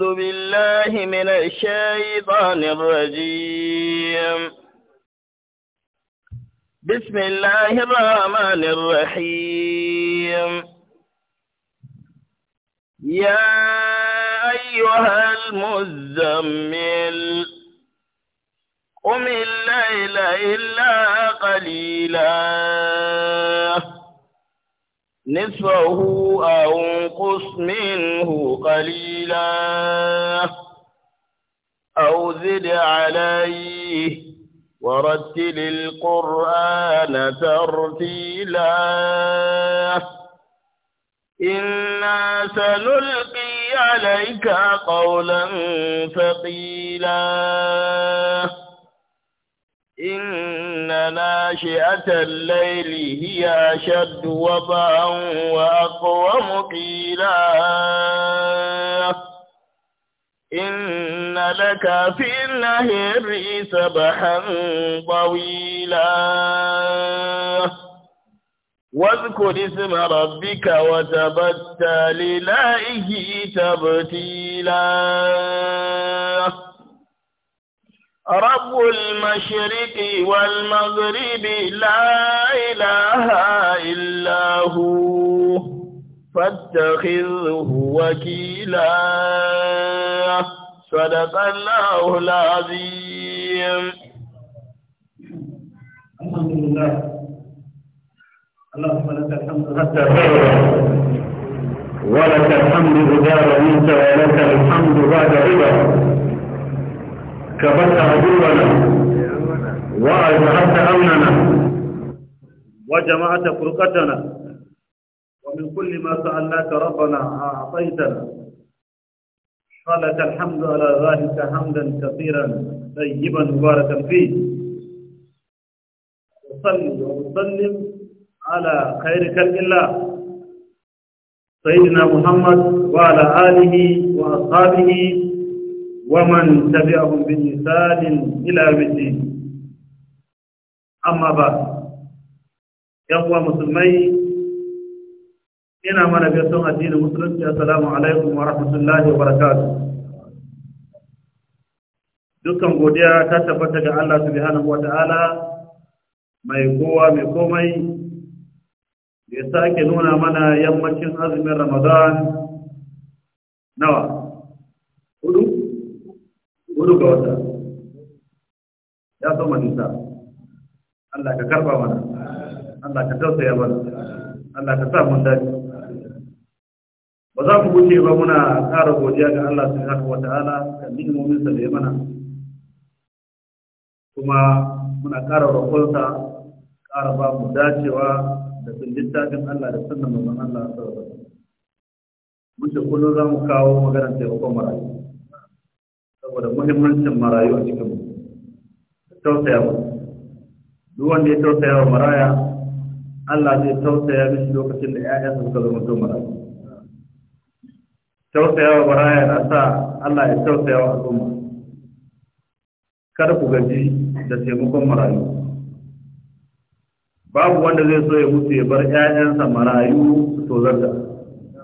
أعوذ بالله من الشيطان الرجيم بسم الله الرحمن الرحيم يا أيها المزمل قم الليل إلا قليلاً نصفه أو انقص منه قليلا أو زد عليه ورتل القرآن ترتيلا إنا سنلقي عليك قولا ثقيلا إن ناشئة الليل هي أشد وباء وأقوم قيلا إن لك في النهر سبحا طويلا واذكر اسم ربك وتبتل إليه تبتيلا رب المشرق والمغرب لا إله إلا هو فاتخذه وكيلا صدق الله العظيم الحمد لله اللهم لك الحمد حتى ولك الحمد إذا رضيت ولك الحمد بعد رضا كبت عدونا وأجعلت أمننا وجمعت فرقتنا ومن كل ما سألناك ربنا أعطيتنا فلك الحمد على ذلك حمدا كثيرا طيبا مباركا فيه وصلي وسلم على خير خلق الله سيدنا محمد وعلى آله وأصحابه ومن تبعهم بإحسان إلى يوم أما بعد يقوى مسلمي ina mana gaisuwan addinin musulunci assalamu alaikum wa rahmatullahi wa barakatuh dukkan godiya ta tabbata ga Allah subhanahu wa ta'ala mai kowa mai komai da ya sake nuna mana yammacin azumin Ramadan nawa ga wata ya so manisa Allah ka karba mana Allah ka tausaya mana Allah ka sa mun dadi ba za mu wuce ba muna ƙara godiya ga Allah subhanahu wata'ala kan ni'imomin sa da ya mana kuma muna ƙara roƙonsa ƙara ba mu dacewa da bin littafin Allah da sunnan mamman Allah sallallahu alaihi wasallam mun ce kullum za mu kawo maganar taimakon marayu saboda muhimmancin marayu a cikin tausaya mu duk wanda ya tausaya wa maraya Allah zai tausaya mishi lokacin da ƴaƴansa suka zama to marayu tausaya wa maraya na sa Allah ya tausaya wa al'umma kada ku gaji da taimakon marayu babu wanda zai so ya mutu ya bar ƴaƴansa marayu su da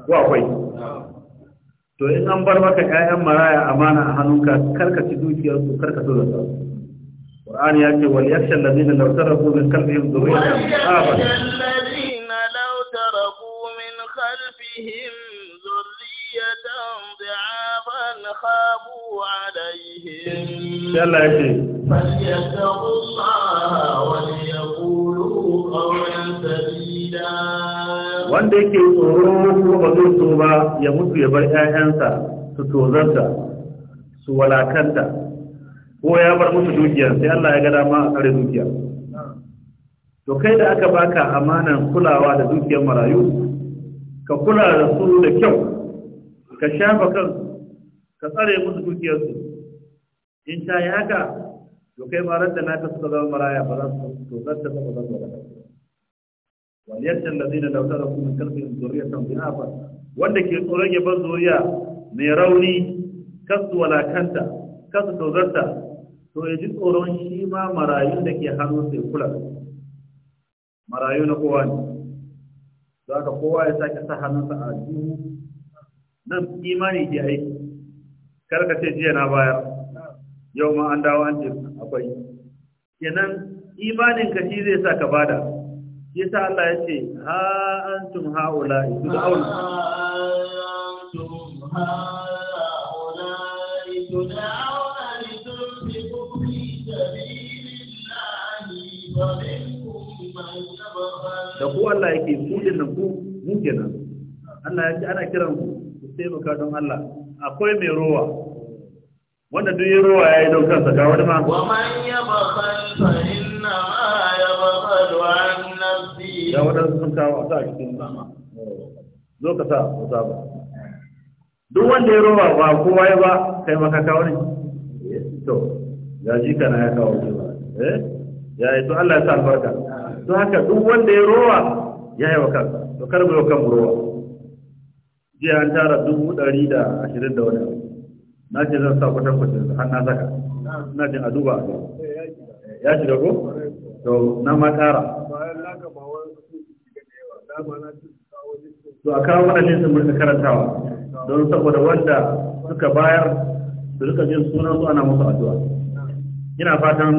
ko akwai to in an bar maka ƴaƴan maraya amana a hannunka karka ci dukiyar su karka so da su Qur'ani ya ce wal yakhsha alladhina law taraku min min khalfihim dhurriyatan dha'aban ya ce wanda yake tsoro ko ba ba ya mutu ya bar 'ya'yansa su tozarta su walakanta ko ya bar musu dukiya sai Allah ya ga dama a kare dukiya to kai da aka baka amanan kulawa da dukiyar marayu ka kula da su da kyau ka shafa kan ka tsare musu dukiyarsu in ta yi haka to kai ma da na ta su zama maraya ba za su tozarta ba ba za su waliyar da zai da lautar da kuma karfin zuriyar tambayi wanda ke tsoron ya bar zuriya mai rauni kasu walakanta kasu tozarta to ya ji tsoron shi ma marayu da ke hannu sai kula marayu na kowa ne za ka kowa ya sake sa hannunsa a duhu nan imani ke aiki ka ce jiya na bayar yau ma an dawo an ce akwai kenan imanin ka shi zai sa ka bada yasa Allah ya ce ha antum haula ibn aula da ku Allah nan ku mu kenan Allah ya ce ana kiran ku ku taimaka don Allah akwai mai rowa wanda duk yayi don kansa ga wani ma wa man inna ma an wadansu sun kawo a cikin sama zo ka sa ku saba duk wanda ya roba ba kowa ya ba kai maka kawo ne eh, to ya ji na ya kawo ne ba eh ya yi to Allah ya sa albarka to haka duk wanda ya roba ya yi wa kansa to kar mu kan roba jiya an tara dubu ɗari da ashirin da wani na ce zan sa kwatan kwatan har na saka na jin a duba ya shiga ko to na ma tara to a kawo ne sun karanta wa. don saboda wanda suka bayar su rika jin sunan su ana musu addu'a ina fatan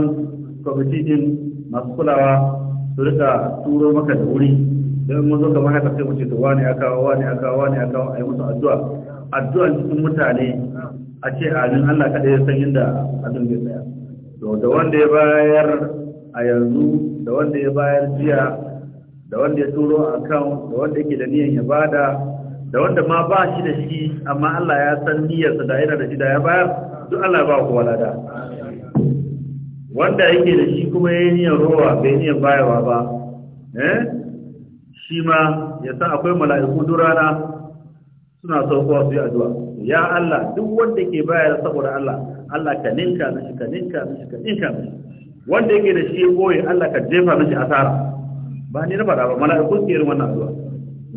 kwamiti din masu kulawa su rika turo maka da wuri don mun zo kamar haka sai mu ce to wani aka kawo wani aka kawo wani aka kawo a yi musu addu'a addu'a cikin mutane a ce amin Allah kada ya san inda abin zai tsaya to da wanda ya bayar a yanzu da wanda ya bayar jiya da wanda ya turo account da wanda yake da niyan ya bada da wanda ma ba shi da shi amma Allah ya san niyyarsa da yana da shi da ya bayar duk Allah ba kowa lada wanda yake da shi kuma yi niyyar rowa bai niyyar bayarwa ba eh shi ma ya san akwai mala'iku durana suna saukowa su yi addu'a ya Allah duk wanda ke bayar saboda Allah Allah ka ninka mishi ka ninka mishi ka ninka mishi wanda yake da shi boye Allah ka jefa mishi asara ba ni na faɗa ba mala'iku ke irin wannan addu'a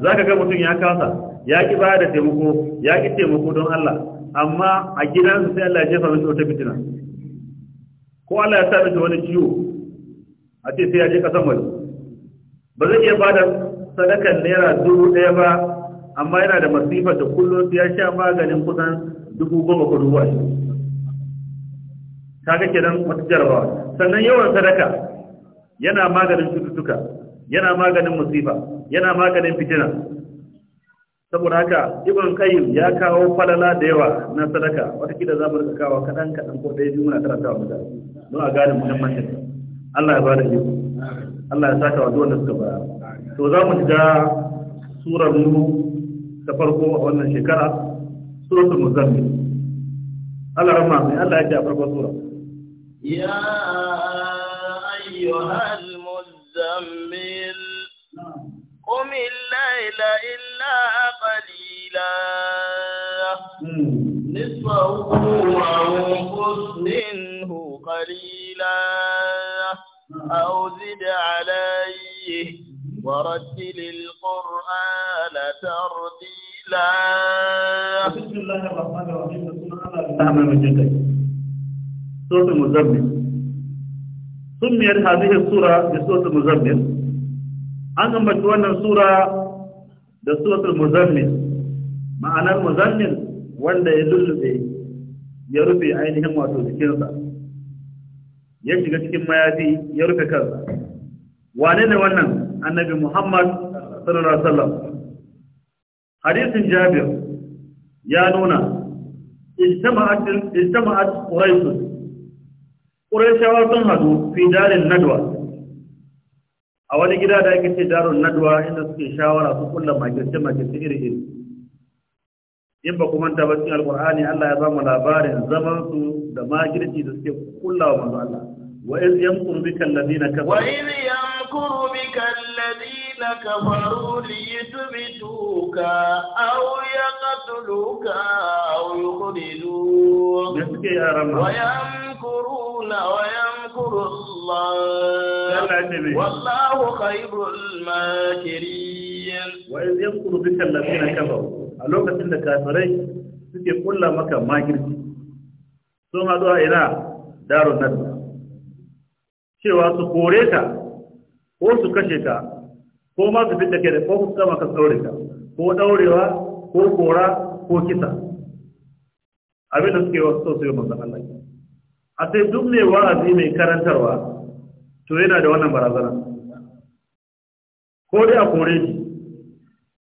zaka ga mutum ya kasa ya ki ba da taimako ya ki taimako don Allah amma a gidansu sai Allah ya jefa masa wata fitina ko Allah ya sa masa wani ciwo a ce sai ya je kasan waje ba zai iya ba da sadakan naira dubu ɗaya ba amma yana da masifa da kullum ya sha maganin kusan dubu goma ko dubu ashirin kaga kenan wata jarabawa sannan yawan sadaka yana maganin cututtuka yana maganin musifa yana maganin fitina saboda haka ibn Kayyim ya kawo falala da yawa na sadaka wata kida za mu rika kawo kadan kadan ko dai muna tara ta wanda don a gane muhimmancin Allah ya bada iko Allah ya saka wa duk wanda suka bara to za mu shiga surar nu ta farko a wannan shekara suratul muzammil Allah rahma mai Allah yake a farko sura ya ayyuhal muzammil qum الليل نصفه أو منه قليلا أو زد عليه ورتل القرآن ترتيلا بسم الله الرحمن الرحيم نعم المجدد سورة المزمل سميت هذه السورة بسورة المزمل أنا مجوانا سورة بسورة المزمل ma'anar muzannin wanda ya lullube ya rufe ainihin wato jikinsa ya shiga cikin mayafi ya rufe kansa wane ne wannan annabi muhammad sallallahu alaihi wasallam hadisin jabir ya nuna ijtama'at quraish quraishawa sun hadu fi darin nadwa a wani gida da ake ce darun nadwa inda suke shawara su kulla makirce makirce iri iri in ba ku manta ba cikin alqur'ani Allah ya ba mu labarin zaman su da magirci da suke kullawa manzo Allah wa iz yamkuru bika alladhina kafaru wa iz yamkuru bika alladhina kafaru liyuthbituka aw yaqtuluka aw yukhrijuka suke yaran wa yamkuruna wa yamkuru Allah wallahu khayrul makirin wa iz yamkuru bika alladhina kafaru a lokacin da kafirai suke kulla maka makirci sun haɗu a ina darun nan cewa su kore ka ko su kashe ka ko ma su fita ke da ko su ka saurin ka ko ɗaurewa ko kora ko kisa abin da suke wasu sosai masu Allah a sai duk ne wa'azi mai karantarwa to yana da wannan barazana ko dai a kore shi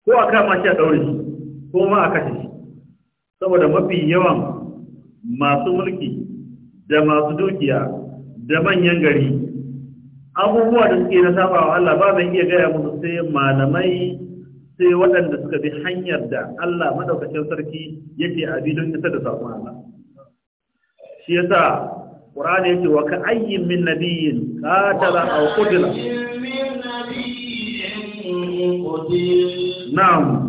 ko a kama shi a ɗaure shi ko ma a kashe shi saboda mafi yawan masu mulki da masu dukiya da manyan gari abubuwa da suke na saba wa Allah ba zan iya gaya musu sai malamai sai waɗanda suka bi hanyar da Allah madaukakin sarki yake a bidon isa da saƙon Allah shi yasa Qur'ani yake wa ka ayyin min nabiyyin qatala aw qutila na'am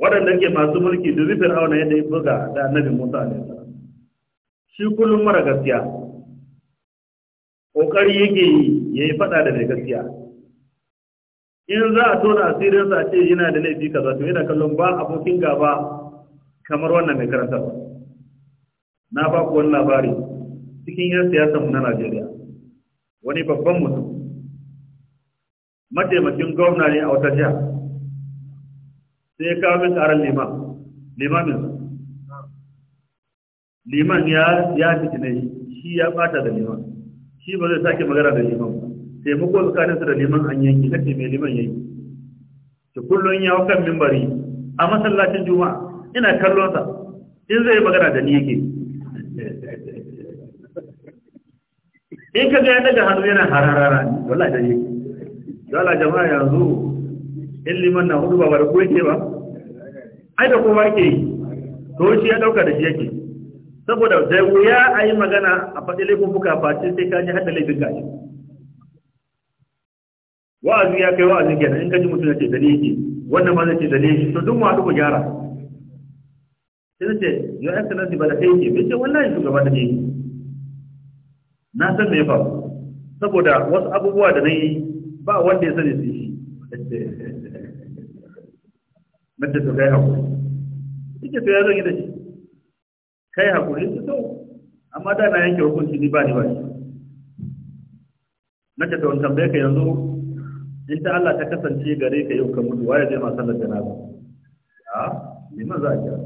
waɗanda ke masu mulki da zufin auna yadda ya buga da annabi musa sa shi kullum mara gaskiya ƙoƙari yake yi ya yi faɗa da mai gaskiya in za a tona asirinsa a ce yana da laifi kaza to yana kallon ba abokin gaba kamar wannan mai karanta ba na ba ku wani labari cikin yan siyasa mu na Najeriya wani babban mutum mataimakin gwamna ne a wata jiha sai ya kawo min tsaron liman limamin liman ya ya fiti ne shi ya bata da liman shi ba zai sake magana da liman ba taimako tsakaninsa da liman an yanki kake mai liman yayi to kullun ya kan mimbari a masallacin juma'a ina kallon sa in zai magana da ni yake in ka ga ya daga hannu yana hararara wallahi da yake dole jama'a yanzu in liman na hudu ba ba ko yake ba ai da kowa yake yi to shi ya dauka da shi yake saboda da wuya a yi magana a faɗi laifin buka face sai ka ji hada laifin gashi wa'azi ya kai wa'azi kenan in ka ji mutum ya ce dane yake wannan ma zai ce dane yake to duk ma ku gyara sai ce yo excellency ba da kai yake bai ce wallahi shugaba da ne na san me ba saboda wasu abubuwa da na yi ba wanda ya sani su yi na ce to kai haƙuri ita ta ya zan da shi kai haƙuri su to amma da na yanke hukunci ni ba ni ba shi na ce to in tambaye ka yanzu in ta Allah ta kasance gare ka yau ka mutu waye zai ma sallar janaza a liman za a kira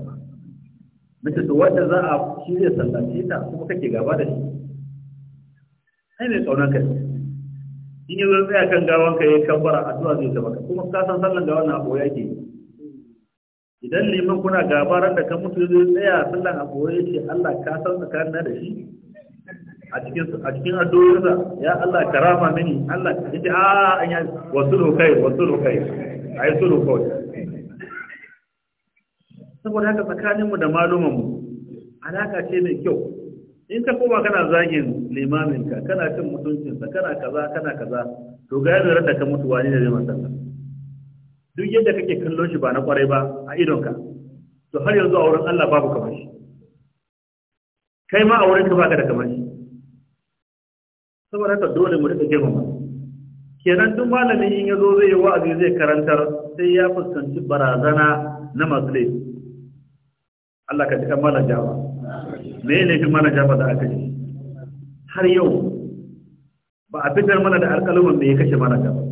na ce to wanda za a shirya sallar sallace ta kuma kake gaba da shi ai mai tsaunar ka in yi zai tsaya kan gawan ka yi ya a zuwa zai zama kuma kasan sallar sallan gawan na abu yi. idan liman kuna gabaran da ka mutu zai tsaya sallan a goye ce Allah ka san tsakanin da shi a cikin a cikin addu'a ya Allah karama mini Allah ka ji ah, a an ya wasu kai wasu kai ai sulu kai saboda haka tsakanin mu da malumin mu alaka ce mai kyau in ka koma kana zagin limaminka kana cin mutuncinsa kana kaza kana kaza to ga yadda da ka mutu wani da zai masalla duk yadda kake kallon shi ba na kwarai ba a idonka to har yanzu a wurin Allah babu kamar shi kai ma a wurin ka baka da kamar shi saboda haka dole mu rika ba kenan duk malamin in yazo zai yi wa'azi zai karantar sai ya fuskanci barazana na masu laifi Allah ka cika mala jawa me ne laifin malam jawa da aka ji har yau ba a fitar mana da alƙaluman me ya kashe malam jawa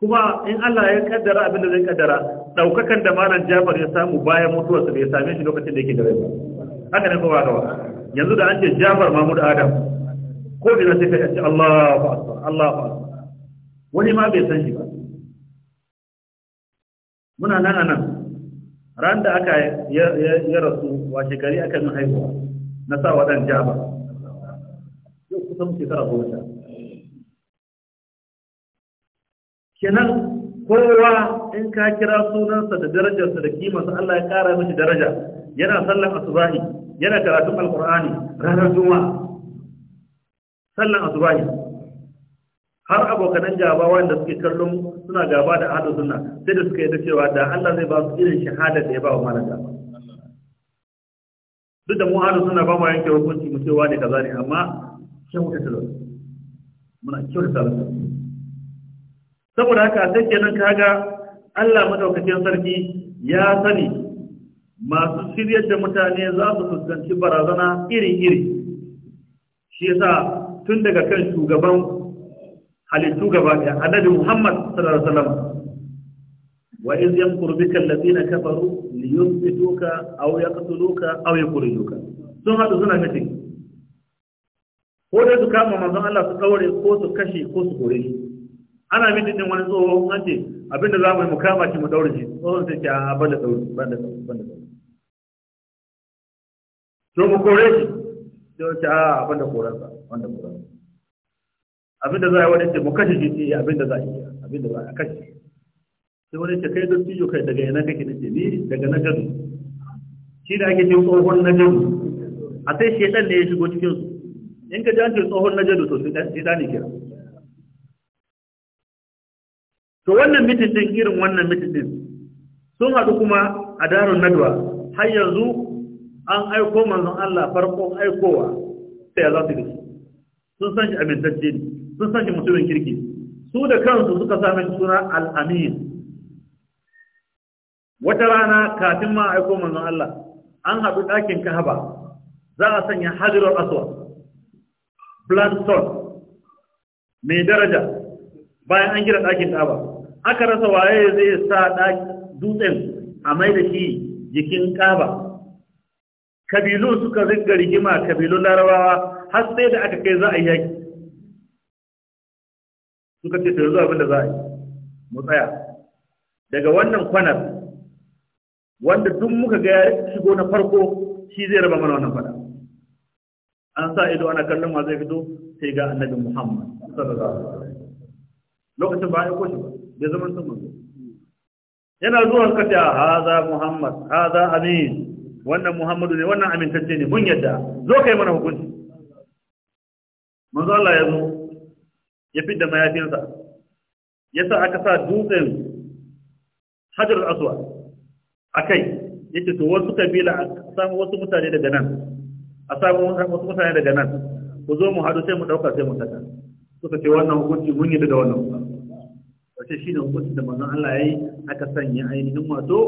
kuma in Allah ya kaddara abin da zai kaddara daukakan da malam Jafar ya samu bayan mutuwarsa bai same shi lokacin da yake da rai ba haka ne kowa gaba yanzu da an ce Jafar Mahmud Adam ko da sai ka ce Allahu akbar Allahu akbar wani ma bai san shi ba muna nan nan ran da aka ya rasu wa shekari aka min haihuwa na sa wadan Jafar yau kusan shekara goma sha kenan kowa in ka kira sunansa da darajarsa da sa Allah ya kara mishi daraja yana sallan asubahi yana karatun alqur'ani ranar juma'a sallan asubahi har abokanan gaba wanda suke kallon suna gaba da ahadu sunna sai da suka yadda cewa da Allah zai ba su irin shahada da ya ba wa malaka duk da mu ahadu sunna ba mu yanke hukunci mu cewa ne kaza ne amma kyautata muna kyautata saboda haka sai kenan kaga Allah madaukakin sarki ya sani masu shiryar da mutane za su fuskanci barazana iri-iri shi yasa tun daga kan shugaban halittu gaba ɗaya annabi Muhammad sallallahu alaihi wasallam wa iz yamkuru bika allazina kafaru liyuthbituka aw yaqtuluka aw yukhrijuka sun hadu suna mutum ko dai su kama manzon Allah su kaure ko su kashe ko su kore shi ana mitin din wani tsoho an ce abinda za mu yi mu kama shi mu daure shi tsohon sai ce a banda tsoro banda tsoro banda tsoro to mu kore shi sai wace a banda koransa banda koransa abinda za a yi wani ce mu kashe shi sai eh, abinda za a yi abinda za a kashe sai wani ce kai dattijo kai daga yana kake ce ni daga na gado shi da ake ce tsohon na gado a sai ɗan ne ya shigo cikin su in ka ji an ce tsohon na gado to sai dan ne kira to wannan mitin din irin wannan mitin din sun haɗu kuma a darun nadwa har yanzu an aiko manzon Allah farkon aikowa sai ya za su gaci sun san shi amintacce ne sun san shi mutumin kirki su da kansu suka sami suna al'amin wata rana kafin ma aiko manzon Allah an haɗu ɗakin kahaba za a sanya hadirar aswa black stone mai daraja bayan an gina ɗakin kahaba aka rasa waye zai sa dutsen a mai da shi jikin kaba kabilu suka ringa rigima kabilun larabawa har sai da aka kai za a yaki suka ce yanzu abin da za a yi mu tsaya daga wannan kwanar wanda duk muka ga shigo na farko shi zai raba mana wannan fada an sa ido ana kallon wa zai fito sai ga annabi Muhammad sallallahu alaihi wasallam lokacin ba ya koshi ba bai zama sun manzo yana zuwa suka ce ah, haza muhammad haza amin wannan muhammadu ne wannan amintacce ne mun yadda zo kai mana hukunci manzo Allah ya zo ya fidda mayafinsa ya sa aka sa dutsen hajar aswa a kai ce to wasu kabila a samu wasu mutane daga nan a samu wasu mutane daga nan ku zo mu haɗu sai mu ɗauka sai mu saka suka ce wannan hukunci mun yi daga wannan hukunci kace shi ne hukuncin da manzon Allah ya yi aka sanya ainihin wato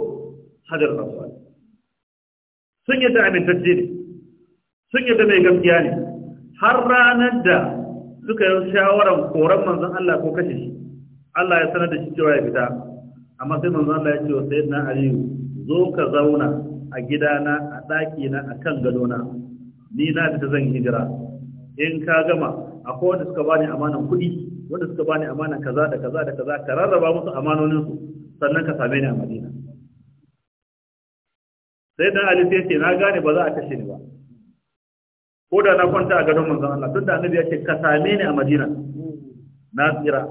hajar aswad sun yadda amintacce ne sun yadda mai gaskiya ne har ranar da suka yi shawarar koran manzon Allah ko kashe shi Allah ya sanar da shi cewa ya fita amma sai manzon Allah ya ce wa sayyidina Aliyu zo ka zauna a gidana a ɗakina a kan gadona ni na fita zan hijira in ka gama akwai wanda suka bani amanan kuɗi wanda suka bani amana kaza da kaza da kaza ka rarraba musu amanonin su sannan ka same ni a Madina sai dan Ali sai ce na gane ba za a kashe ni ba ko da na kwanta a gadon manzon Allah tunda annabi ya ce ka same ni a Madina na tsira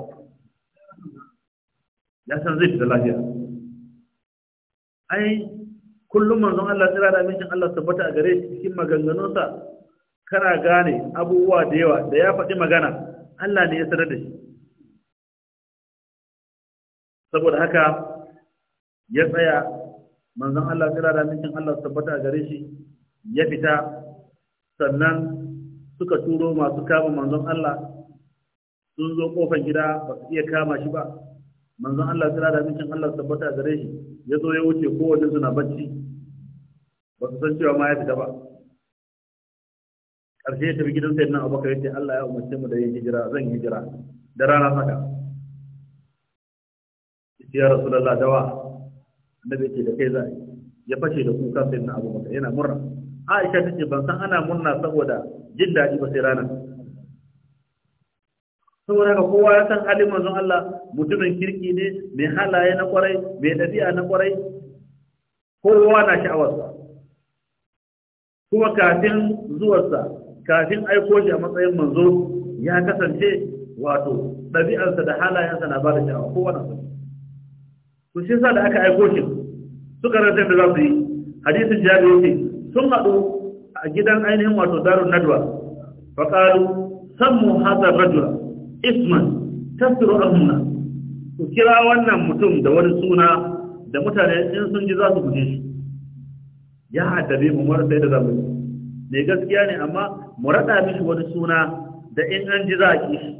ya san zai fita lafiya ai kullum manzon Allah tsira da mincin Allah tabbata a gare shi cikin maganganunsa kana gane abubuwa da yawa da ya faɗi magana Allah ne ya sanar da shi saboda haka ya tsaya manzon Allah tsira da minkin Allah tabbata a gare shi ya fita sannan suka turo masu kama manzon Allah sun zo kofar gida ba su iya kama shi ba manzon Allah tsira da minkin Allah tabbata a gare shi ya zo ya wuce kowace suna bacci ba su san cewa ma ya fita ba karshe ya tafi gidan sayyidina abubakar yace Allah ya umarce mu da yin hijira zan hijira da rana saka ya rasulullah dawa annabi ce da kai za ya fashe da kuka sayyidina abubakar yana murna Aisha tace ban san ana murna saboda jin daɗi ba sai rana. saboda ga kowa ya san halin manzon Allah mutumin kirki ne mai halaye na kwarai mai ɗabi'a na kwarai kowa na sha'awarsa kuma kafin zuwarsa kafin aiko shi a matsayin manzo ya kasance wato ɗabi'arsa da halayensa na ba da sha'awa ko wani sun to shi sa da aka aiko shi suka rasa da za su yi hadisin jari yake sun haɗu a gidan ainihin wato darun nadwa qalu sammu hadha rajula isman tasru amna ku kira wannan mutum da wani suna da mutane in sun ji za su guje shi ya haddabe mu mara sai da zamani ne gaskiya ne amma mu raɗa mishi wani suna da in an ji za a ƙi shi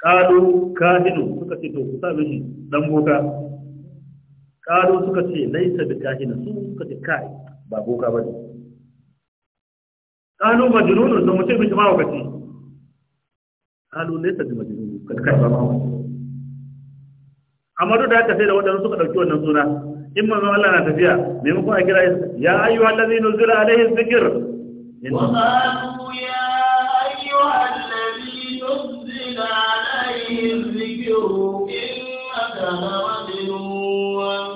ƙalu kahinu suka ce to ku sa mishi dan boka ƙalu suka ce laisa bi kahinu su suka ce kai ba boka ba ne ƙalu majnunun da mutum mishi mawakaci ƙalu laisa bi majnunun ka kai ba mawakaci amadu da aka sai da waɗansu suka ɗauki wannan suna in manzon Allah na tafiya muku a kira ya ayyu allazi nuzila alaihi dhikr wa qalu ya ayyu allazi nuzila alaihi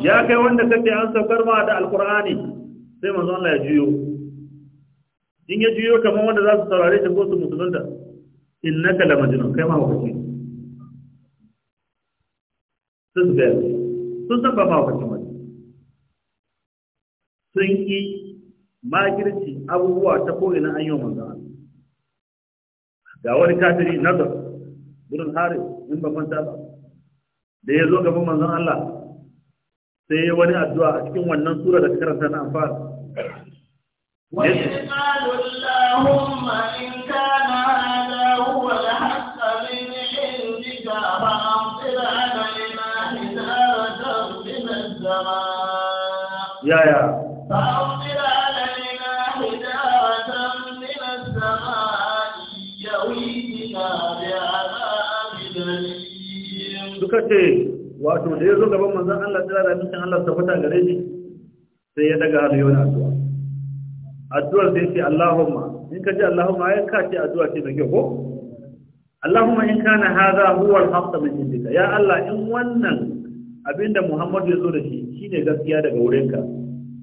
ya kai wanda kake an saukar ma da alqur'ani sai manzon Allah ya juyo in ya juyo kamar wanda za su saurare shi ko su da. innaka la majnun kai ma hukunci sun su sun san ba ma hukunci sun yi magirci abubuwa ta ko'ina an yi manzan ga wani kafiri nazar gudun hari in ba manta ba da ya zo gaba manzan Allah sai ya wani addu'a a cikin wannan sura da karanta na amfani. Wani ƙalun lahun ma'in ce wato da ya zo gaban manzan Allah tsira da cikin Allah ta fita gare shi sai ya daga hannu yana addu'a addu'ar sai ce Allahumma in ka ji Allahumma ya ka ce addu'a ce da kyau ko Allahumma in kana hadha huwa al-haqq min indika ya Allah in wannan abinda Muhammad ya zo da shi shine gaskiya daga wurinka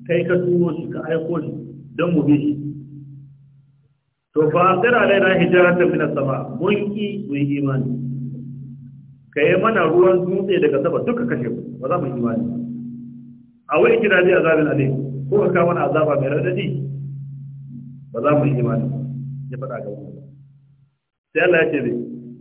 kai ka turo shi ka aiko shi don mu bi shi to fa azira alaina hijaratan min as-sama mun ki mu yi imani ka yi mana ruwan dutse daga saba duka kashe ku ba za mu yi imani a wai kira ji azabin alim ko ka kawo mana azaba mai radadi ba za mu yi imani ya faɗa ga wani sai Allah ya ce ne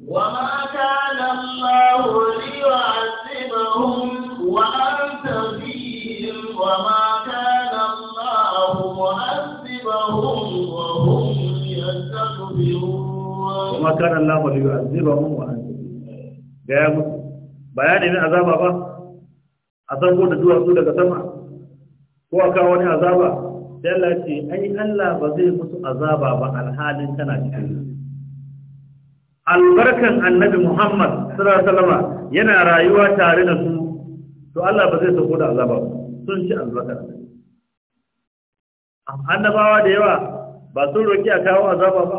wa ma kana Allahu liyu'azibahum wa anta fihim wa ma kana Allahu mu'azibahum wa hum yastaghfirun wa ma kana Allahu liyu'azibahum wa gaya musu ba ne nemi azaba ba a zango da duwatsu daga sama ko a kawo wani azaba sai Allah ce ai Allah ba zai musu azaba ba alhalin tana cikin albarkan annabi Muhammad sallallahu alaihi wasallam yana rayuwa tare da su to Allah ba zai sako da azaba ba sun ci albarkar annabawa da yawa ba sun roki a kawo azaba ba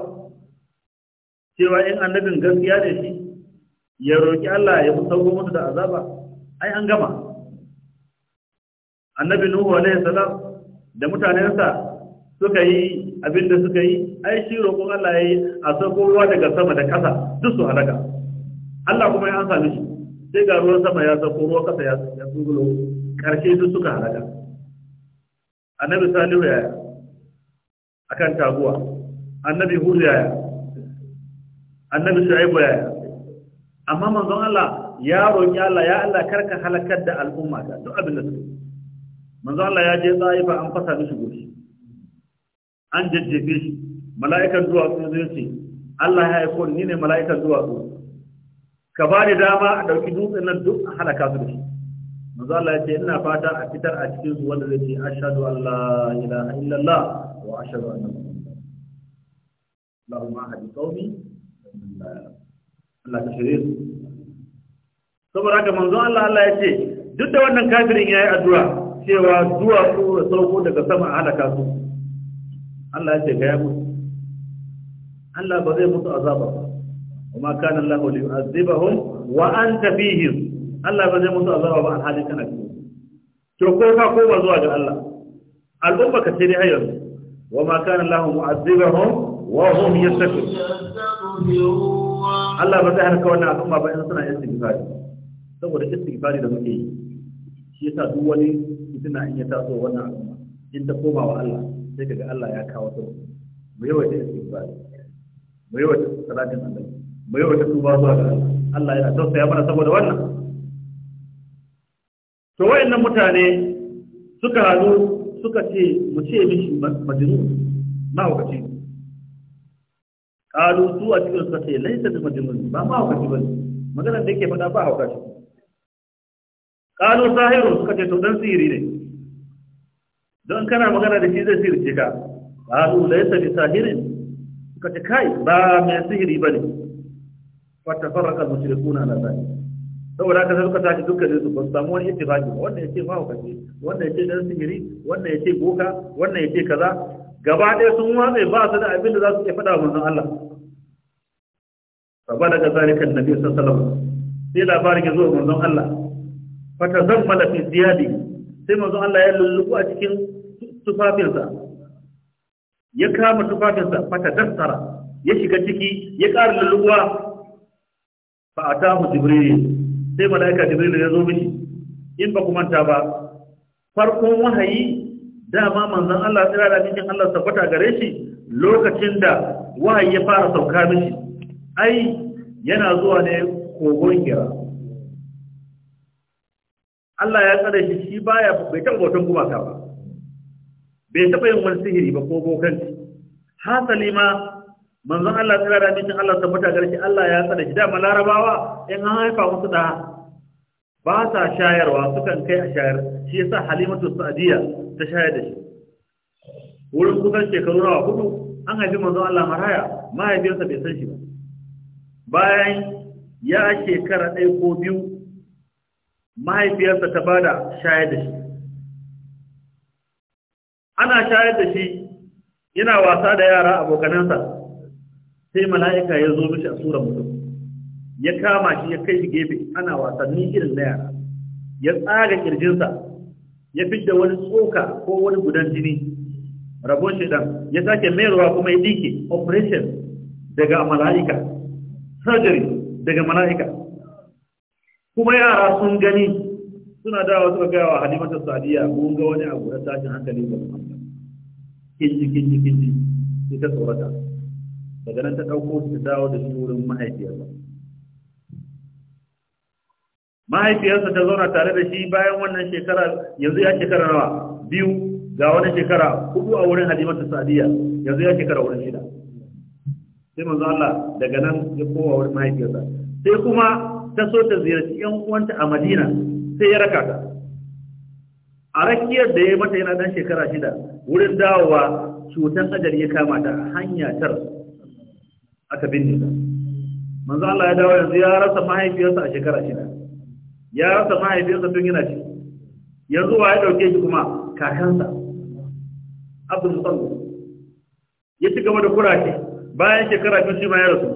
cewa in annabin gaskiya ne shi ya roƙi Allah ya sauko musu da azaba ai an gama annabi nuhu alaihi salam da mutanensa suka yi abin da suka yi ai shi roƙon Allah ya yi a sauko ruwa daga sama da ƙasa duk su halaka Allah kuma ya ansa mishi sai ga ruwan sama ya sauko ruwa ƙasa ya ya tsungulo ƙarshe duk suka halaka annabi salihu yaya akan taguwa annabi hudu yaya annabi shu'aibu yaya amma manzon Allah ya roƙi Allah ya Allah karka halakar da al'umma ta duk abin da suke manzon Allah ya je tsaifa an fasa mishi gobe an jajjefe shi mala'ikan duwatsu zai ce Allah ya haifo ni ne mala'ikan duwatsu ka ba ni dama a ɗauki dutsen nan duk a halaka su da shi manzon Allah ya ce ina fata a fitar a cikin su wanda zai ce ashhadu an la ilaha illallah wa ashhadu anna muhammadan rasulullah Allahumma hadi qaumi la ilaha Allah ta shirye su saboda haka manzo Allah Allah ya ce duk da wannan kafirin yi addu'a cewa zuwa su da sauko daga sama a halaka su Allah ya ce ga ya Allah ba zai a azaba ba kuma kanan Allah li hun wa an fihim Allah ba zai a azaba ba an halin kana to ko ka ko ba zuwa ga Allah al'umma ka ce a yanzu. wa ma kanan Allah hun wa hum yastaghfirun Allah ba zai harka wannan al'umma ba in suna istighfari saboda istighfari da muke yi shi yasa duk wani fitina in ya taso wannan al'umma in ta koma wa Allah sai kaga Allah ya kawo ta mu yawaita istighfari mu yawaita salatin allah, mu yawaita tuba zuwa ga Allah Allah yana tausaya mana saboda wannan to wayannan mutane suka hadu suka ce mu ce mishi majnun ne kalu su a cikin suka ce laisa da majnun ba ma shi bane magana da yake faɗa ba shi kalu zahiru suka ce to dan sihiri ne don kana magana da shi zai ce ka kalu laisa bi sahirin suka ce kai ba mai sihiri bane fa tafarraqa al-mushrikuna ala zalik saboda ka suka tashi dukkan su ba samu wani ittifaqi ba wanda yake ma shi wanda yake dan sihiri wanda yake boka wanda yake kaza gaba ɗaya sun watsa ba su da abin da za su iya faɗa manzon Allah fa balaga zalika annabi sallallahu alaihi wasallam sai labarin ya zo manzon Allah fa tazammala fi ziyadi sai manzon Allah ya lullubu a cikin tufafinsa ya kama tufafinsa fa dastara, ya shiga ciki ya ƙara lulluwa fa atahu jibril sai malaika jibril ya zo mishi in ba ku manta ba farkon wahayi dama manzon Allah tsira da cikin Allah kwata gare shi lokacin da wahayi ya fara sauka mishi ai yana zuwa ne kogon kira Allah ya tsare shi shi baya bai taɓa hoton gumaka ba bai taɓa yin wani sihiri ba ko shi hasali ma manzon Allah tsira da cikin Allah kwata gare shi Allah ya tsare shi dama larabawa in an haifa musu da ba sa shayarwa sukan kai a shayar shi yasa halimatu sa'diya ta shayar da shi wurin kusan shekaru nawa hudu an haifi manzon Allah maraya mahaifiyarsa bai san shi ba bayan ya shekara ɗaya ko biyu mahaifiyarsa ta bada shayar da shi ana shayar da shi yana wasa da yara abokanansa sai mala'ika ya zo mishi a tsura mutum ya kama shi ya kai shi gefe ana wasanni irin na yara ya tsaga kirjinsa ya fidda wani tsoka ko wani gudan jini rabon shaidan ya sake mayarwa kuma ya dike operation daga mala'ika surgery daga mala'ika kuma yara sun gani suna dawa suka gaya wa halimata sadiya mun ga wani abu na tashin hankali ga muhammad kinji kinji kinji sai ta tsorata daga nan ta ɗauko ta dawo da shi wurin mahaifiyarsa mahaifiyarsa ta zauna tare da shi bayan wannan shekara yanzu ya shekara nawa biyu ga wani shekara hudu a wurin halimatu sadiya yanzu ya shekara wurin shida sai manzo Allah daga nan ya kowa wurin mahaifiyarsa sai kuma ta so ta ziyarci yan uwanta a Madina sai ya raka ta a rakiyar da ya mata yana dan shekara shida wurin dawowa cutar ajar ya kama ta hanya tar aka binne ta manzo Allah ya dawo yanzu ya rasa mahaifiyarsa a shekara shida ya rasa mahaifinsa tun yana ci yanzu wa ya ɗauke shi kuma kakansa abdul musallu ya ci gaba da kurace bayan shekara biyu shi ma ya rasu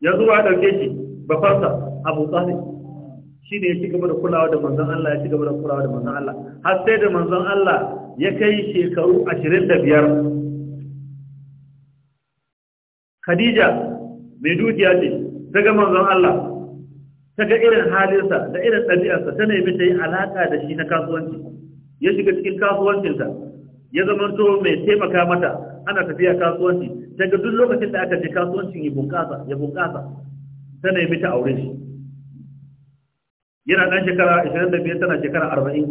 yanzu wa ya ɗauke shi bafarsa abu tsari shi ne ya ci gaba da kulawa da manzon Allah ya ci gaba da kulawa da manzon Allah har sai da manzon Allah ya kai shekaru ashirin da biyar Khadija mai dukiya ce daga manzon Allah ta ga irin halinsa da irin ɗabi'arsa ta nemi ta yi alaƙa da shi na kasuwanci ya shiga cikin kasuwancinsa ya zama to mai taimaka mata ana tafiya kasuwanci ta ga duk lokacin da aka ce kasuwancin ya bunƙasa ya bunƙasa ta nemi ta aure shi yana ɗan shekara da biyar tana shekara arba'in,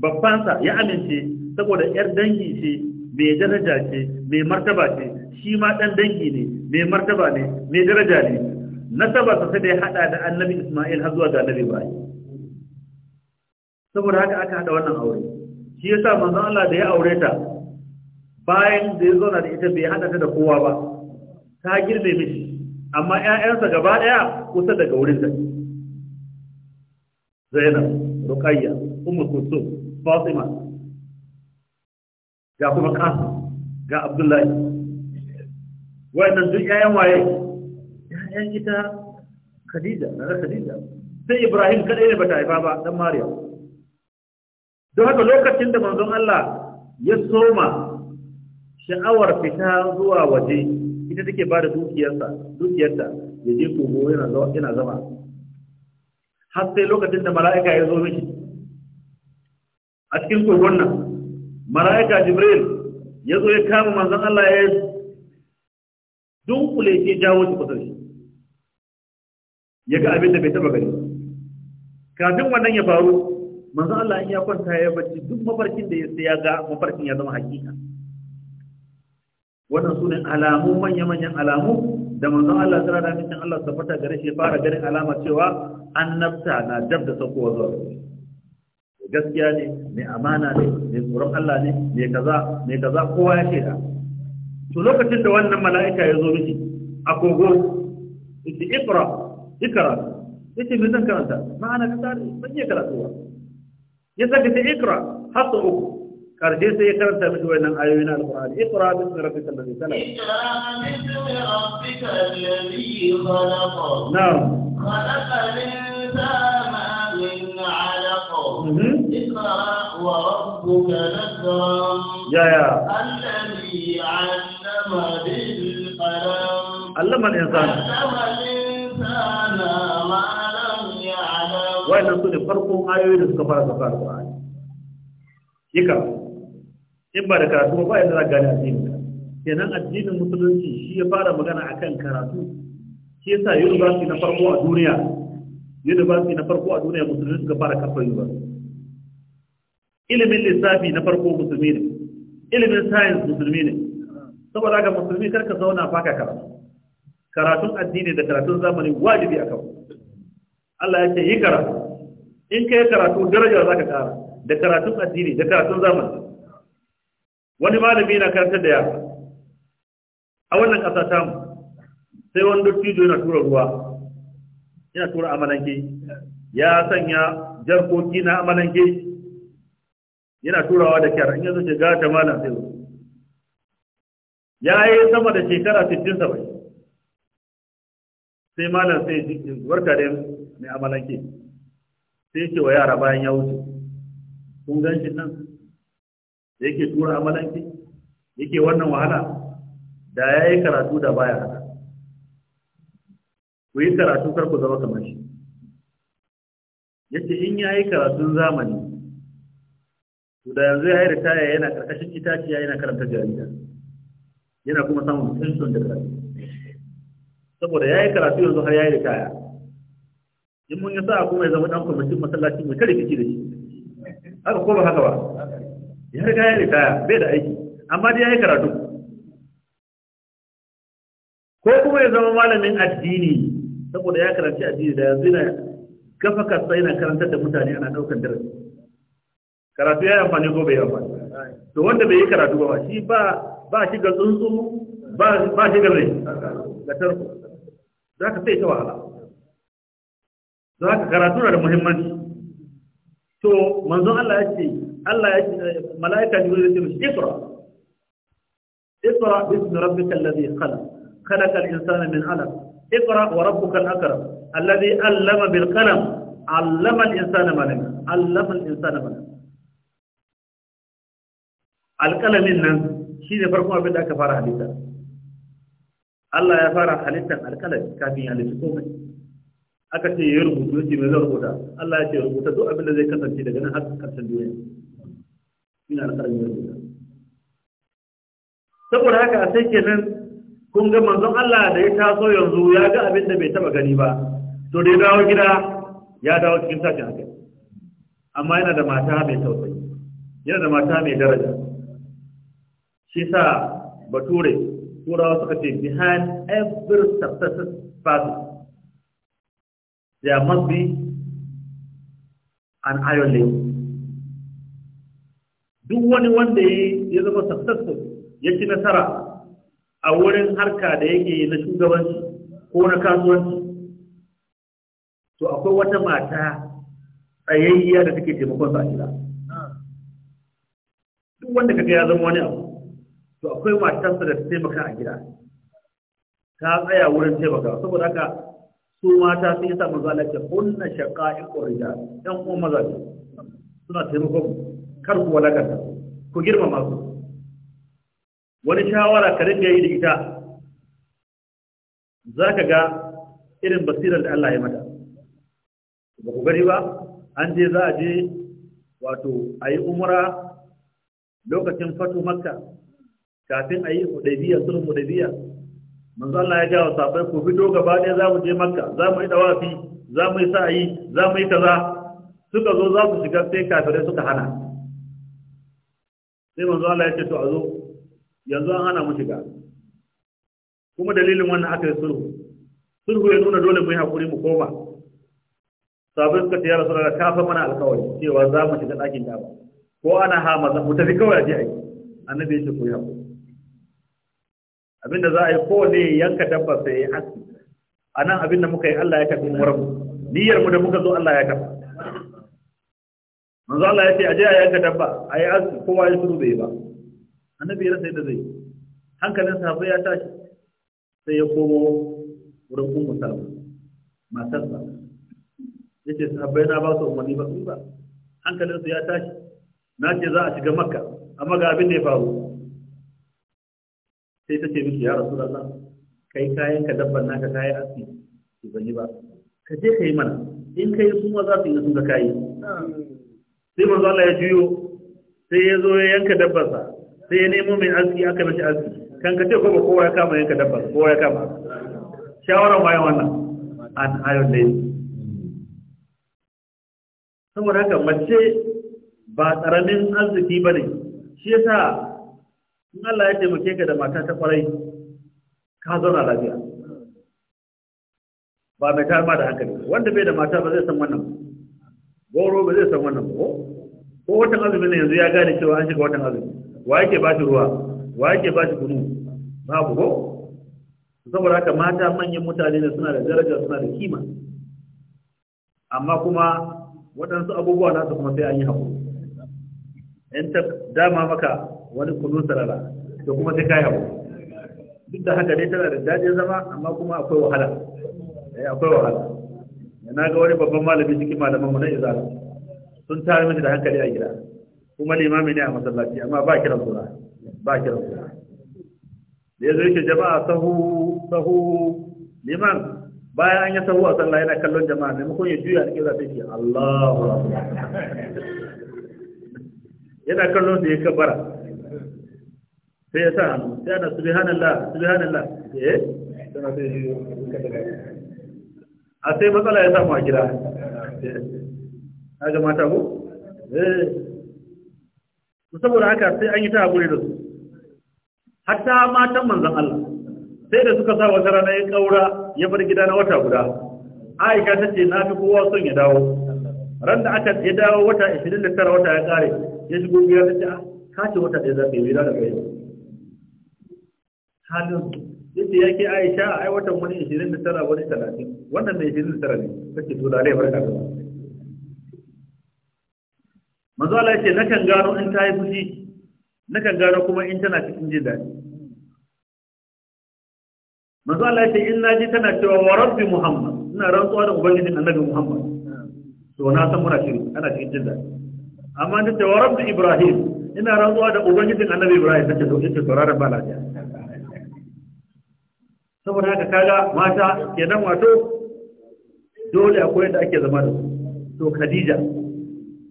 babbansa ya amince saboda 'yar dangi ce mai daraja ce mai martaba ce shi ma ɗan dangi ne mai martaba ne mai daraja ne ta sai da ya hada da annabi Ismail har zuwa ga annabi Ibrahim saboda haka aka hada wannan aure shi yasa manzon Allah da ya aure ta bayan da ya zauna da ita bai hada ta da kowa ba ta girme mishi amma ƴaƴansa gaba daya kusa daga wurin ta Zainab Ruqayya Ummu Kulthum Fatima ga kuma Qasim ga Abdullahi wannan duk ƴaƴan waye ‘ya'yan ita khadija na khadija sai ibrahim kadai ne bata haifa ba dan mariya don haka lokacin da manzon Allah ya soma sha'awar fita zuwa waje ita take ba da dukiyarsa dukiyarta ya je kogo yana zama yana zama har sai lokacin da mala'ika ya zo miki a cikin kogon nan mala'ika jibril ya zo ya kama manzon Allah ya dunkule shi jawo shi kusurci. shi ya ga abin da bai taba gani kafin wannan ya faru manzo Allah in ya kwanta ya bacci duk mafarkin da ya ga mafarkin ya zama hakika wannan sunan alamu manya manyan alamu da manzo Allah tsara da cikin Allah tabbata gare shi fara gare alama cewa annabta na dab da sakowa zuwa gaskiya ne mai amana ne mai tsoron Allah ne mai kaza mai kaza kowa ya shaida to lokacin da wannan mala'ika ya zo miki a kogo ikra yi karatu ya ce mai zan karanta ma'ana ka tsari ban iya karatu ya saka ta ikra har sau uku karshe sai ya karanta miki wannan ayoyi na alƙur'ani ikra bi sunna rabbika allazi khalaq na'am khalaqa al-insana min 'alaq mm-hmm. ya ya wannan su ne farkon ayoyi da suka fara da alqur'ani yika in ba da karatu ba yadda za gane addinin ka kenan addinin musulunci shi ya fara magana akan karatu shi yasa university na farko a duniya university na farko a duniya musulmi suka fara kafa university ilimin lissafi na farko musulmi ne ilimin science musulmi ne saboda ga musulmi karka zauna faka karatu karatun addini da karatun zamani wajibi a kawo Allah ya ce yi karatu in ka yi karatu daraja za ka kara da karatun addini da karatun zamani wani malami na karantar da yara a wannan ƙasa tamu sai wani dottijo yana tura ruwa yana tura amalanke ya sanya jarkoki na amalanke yana turawa da kyar in yanzu shiga ta malam sai ya yi sama da shekara 60 70 sai malam sai warka da mai amalanke sai ce wa yara bayan ya wuce kun gan shi nan da yake tura amalanki yake wannan wahala da ya yi karatu da baya haka ku yi karatu kar ku zama kamar shi ce in ya yi karatun zamani to da yanzu ya yi ritaya yana karkashin itaciya yana karanta jarida yana kuma samun pension da karatu saboda ya yi karatu yanzu har ya yi ritaya in mun yi sa kuma ya zama dan kwamitin masallaci mai kare kici da shi haka ko ba haka ba ya riga ya ritaya bai da aiki amma dai ya yi karatu ko kuma ya zama malamin addini saboda ya karanci addini da yanzu yana kafa kasa yana karantar da mutane ana daukan darasi karatu ya yi amfani ko bai yi amfani to wanda bai yi karatu ba shi ba ba shi ga tsuntsu ba shi ga rai ga tarko za ka sai ta wahala don haka karatu na da muhimmanci to manzo Allah ya ce Allah ya ce mala'ika jibril ya ce mishi ikra ikra bismi rabbikal ladhi khalaq al insana min 'alaq ikra wa al akram alladhi 'allama bil qalam 'allama al insana ma lam 'allama al insana ma lam alqalamin nan shi farko farkon abin da aka fara halitta Allah ya fara halittar alqalami kafin halitta komai aka ce ya rubutu shi mai zan rubuta Allah ya ce rubuta duk abin da zai kasance daga nan har karshen duniya ina da karin rubuta saboda haka a sai kenan kun ga manzon Allah da ya taso yanzu ya ga abin da bai taba gani ba to da ya dawo gida ya dawo cikin tashin haka. amma yana da mata mai tausayi yana da mata mai daraja shi sa bature turawa suka ce behind every successful there must be an iron link duk wani wanda ya zama successful ya ci nasara a wurin harka da yake na shugabanci ko na kasuwanci to akwai wata mata tsayayya da take taimakon sa a gida duk wanda kaga ya zama wani abu to akwai matarsa da ta taimaka a gida ta tsaya wurin taimaka saboda haka su mata sun yi samun zuwa ce kunna shaqa'iq rijal yan uwan maza ne suna taimakon kar ku walakanta ku girmama masu wani shawara ka rinka yi da ita zaka ga irin basirar da Allah ya mata ba ku gari ba an je za a je wato a yi umra lokacin fato makka kafin a yi hudaibiyar sulhu hudaibiyar manzo Allah ya jawo sabai ku fito gaba ɗaya za mu je makka za mu yi dawafi za mu yi sa'ayi za mu yi kaza suka zo za ku shiga sai kafirai suka hana sai manzo Allah ya ce to a zo yanzu an hana mu shiga kuma dalilin wannan aka yi sulhu sulhu ya nuna dole mu yi hakuri mu koma sabai suka ce ya rasu daga kafa mana alkawari cewa za mu shiga ɗakin dama ko ana hama mu tafi kawai a je a yi annabi ya ce ku yi hakuri abinda za a yi kowane yanka dabba sai ya haske a nan abinda muka yi Allah ya tafi umarar niyyar mu da muka zo Allah ya kafa. manzo Allah ya ce aje a yanka dabba a yi haski kowa ya shiru bai ba annabi ya sai da zai hankalin sahabbai ya tashi sai ya komo wurin ummu salama matarsa yace sahabbai na ba su umarni ba su ba hankalinsu ya tashi na ce za a shiga makka amma ga abin da ya faru sai ta ce miki ya rasu da kai kayan ka dabban naka kayi aski ki bani ba ka je ka yi mana in ka yi su ma za su yi sun ka kayi sai manzo Allah ya juyo sai ya zo ya yanka sa sai ya nemo mai aski aka mishi aski kan ka ce ko ba kowa ya kama yanka dabban kowa ya kama shawara waye wannan an ayon ne saboda haka mace ba karamin arziki bane shi yasa in Allah ya taimake ka da mata ta kwarai ka zauna lafiya ba mai ma da hankali wanda bai da mata ba zai san wannan goro ba zai san wannan ko ko watan azumin ne yanzu ya gane cewa an shiga watan azumi wa yake ba shi ruwa wa yake ba shi kunu babu ko saboda haka mata manyan mutane ne suna da daraja suna da kima amma kuma waɗansu abubuwa na kuma sai an yi haƙuri in ta dama maka wani kudu sarara da kuma sai kaya ba duk da haka dai tana da daɗin zama amma kuma akwai wahala eh akwai wahala na ga wani babban malami cikin malaman mu na izara sun tare mini da hankali a gida kuma limami ne a masallaci amma ba kiran sura ba kiran sura da yazo yake jama'a sahu sahu liman bayan an yi sahu a sallah yana kallon jama'a maimakon ya juya cikin zafi ke Allahu akbar yana kallon da ya kabara sai ya sa hannu sai ana subhanallah subhanallah eh a sai matsala ya samu a gida eh. a ga mata ko eh saboda haka sai an yi ta haƙuri da su hatta matan manzon Allah sai da suka sa wata rana ya kaura ya bar gida na wata guda aisha ta ce na fi kowa son ya dawo ran da aka ya dawo wata 29 wata ya kare ya shigo gida ta ce ah, ka ce wata ɗaya za ka yi wira da kai halin yace yake Aisha ai watan wani 29 wani 30 wannan ne 29 ne kake to da lai barka da manzo Allah yace nakan gano in ta yi fushi nakan gano kuma in tana cikin jin daɗi manzo Allah yace in naji tana cewa wa rabbi Muhammad ina rantsuwa da ubangijin annabi Muhammad to na san muna shiri ana cikin jin daɗi amma da wa rabbi Ibrahim ina rantsuwa da ubangijin annabi Ibrahim take to yake sauraron ba lafiya saboda haka kaga mata kenan wato dole akwai da ake zama da su to khadija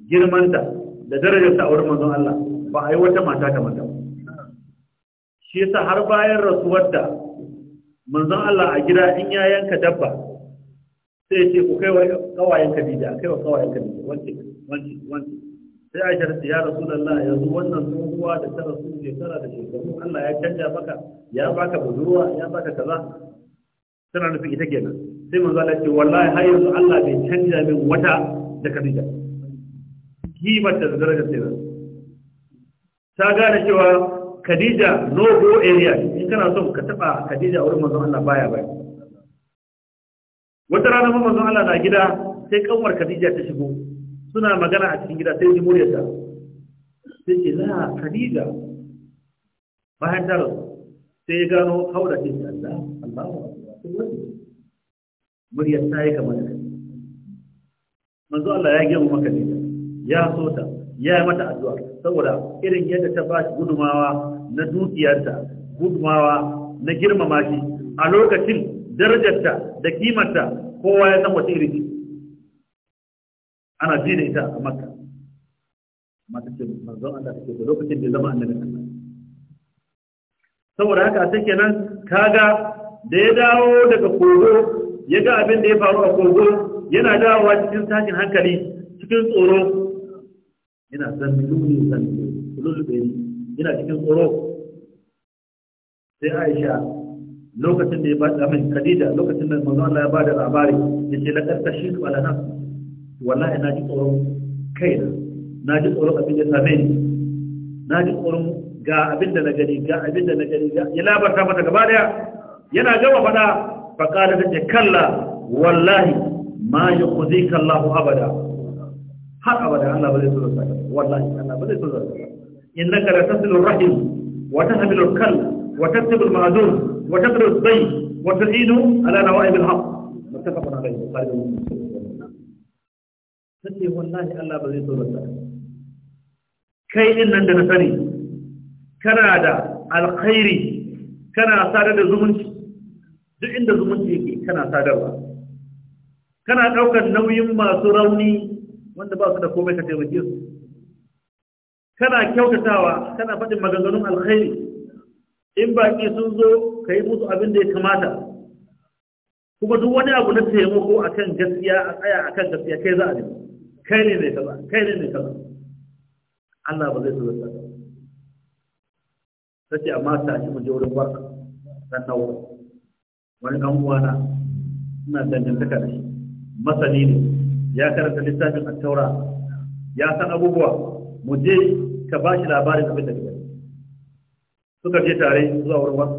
girmanta da darajar a wurin manzon Allah ba a yi wata mata kamar ta shi yasa har bayan rasuwar da manzon Allah a gida in ya yanka dabba sai ya ce ku kai wa kawayen khadija kai wa kawayen khadija sai aisha ta ya Allah yanzu wannan tsohuwa da ta rasu ne tana da shekaru Allah ya canja maka ya baka budurwa ya baka kaza tana nufin ita kenan sai mun zala ce wallahi har yanzu Allah bai canja min wata da Khadija kimar da darajar sai ta gane cewa Khadija no go area in kana son ka taba Khadija a wurin manzon Allah baya baya wata rana manzon Allah na gida sai kanwar Khadija ta shigo suna magana a cikin gida sai ji muryarta sai ce la khadija bayan ta rasu sai ya gano haura ce ta Allah Allahu akbar muryar ta yi kamar da manzo Allah ya gemu maka ne ya so ta ya yi mata addu'a saboda irin yadda ta ba shi gudumawa na dukiyarta gudumawa na girmama shi a lokacin darajarta da kimarta kowa ya san wace irin ana bi da ita a makka amma ta ce manzon Allah take da lokacin da zama annabi Allah saboda haka take kenan kaga da ya dawo daga kogo ya ga abin da ya faru a kogo yana dawowa cikin sakin hankali cikin tsoro yana san lulu san lulu yana cikin tsoro sai Aisha lokacin da ya ba da min kadida lokacin da manzo Allah ya ba da labari yace la karkashin wala nafs wallahi na ji tsoron kaina na ji tsoron abin da same ni na ji tsoron ga abin da na gani ga abin da na gani ya labarta mata gaba daya yana gama fada faƙalar da ke kalla wallahi ma yi kuzi kallahu abada har abada Allah ba zai tsoro saka wallahi Allah ba zai tsoro saka innaka la tasilu rahim wa tahmilu kal wa tattibu al-ma'dur wa taqru al-bayt wa tu'idu ala nawa'ib al-haq muttafaqun alayhi bukhari wa muslim sai wallahi Allah ba zai tsorata kai din nan da na sani kana da alkhairi kana sadar da zumunci duk inda zumunci yake kana sadarwa kana daukar nauyin masu rauni wanda ba su da komai ka taimake su kana kyautatawa kana faɗin maganganun alkhairi in baƙi sun zo ka yi musu abin da ya kamata kuma duk wani abu na taimako akan gaskiya a tsaya akan gaskiya kai za a nemi kai ne mai kaza kai ne mai kaza Allah ba zai tsoron ba. ta ce amma ta shi muje wurin barka dan daura wani dan uwana ina dangantaka da shi masani ne ya karanta littafin at-taura ya san abubuwa mu je ka ba shi labarin abin da kake suka je tare zuwa wurin barka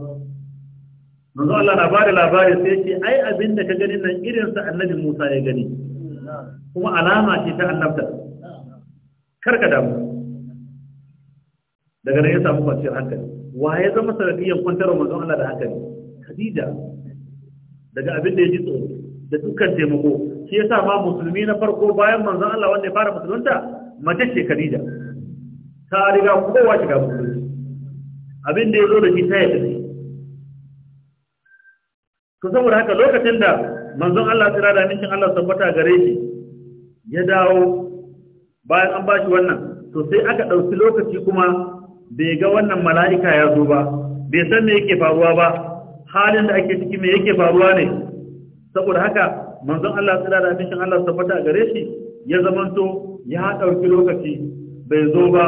manzo Allah na bada labarin sai ce ai abin da ka gani nan irin sa annabi Musa ya gani kuma alama ce ta annabta karka damu daga nan ya samu kwanciyar hankali wa ya zama sanadiyyar kwantar manzon Allah da hankali Khadija daga abin da ya ji tsoro da dukkan taimako shi yasa ma musulmi na farko bayan manzon Allah wanda ya fara musulunta mace ce Khadija ta riga kowa shiga musulunci abin da ya zo da shi ta yadda to saboda haka lokacin da manzon Allah tsira da nishin Allah tabbata gare shi ya dawo bayan an bashi wannan to sai aka ɗauki lokaci kuma bai ga wannan mala'ika ya zo ba bai san me yake faruwa ba halin da ake ciki me yake faruwa ne saboda haka manzon Allah tsira da abincin Allah tabbata a gare shi ya zamanto ya ɗauki lokaci bai zo ba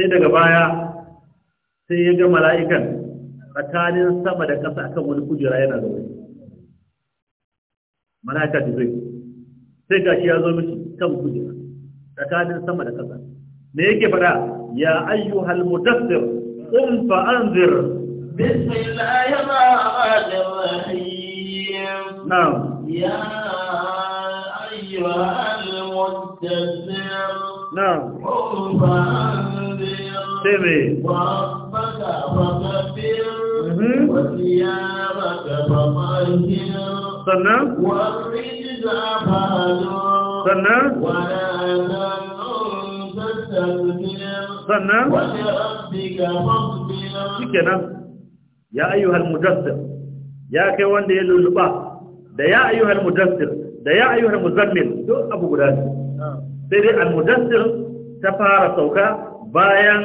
sai daga baya sai ya ga mala'ikan tsakanin sama da ƙasa akan wani kujera yana zaune mala'ika sai ga shi ya zo miki kan kujera tsakanin sama da ƙasa me yake fada ya ayyuhal mutassir qum fa anzir bismillahir rahmanir rahim na'am ya ayyuhal mutassir na'am qum fa anzir sai ربك فكبر وثيابك فطهر sannan sannan shike nan ya ayyuhal mudassir ya kai wanda ya lulluɓa, da ya ayyuhal mudassir da ya ayyuhal muzammil duk abu guda ne sai dai al mudassir ta fara sauka bayan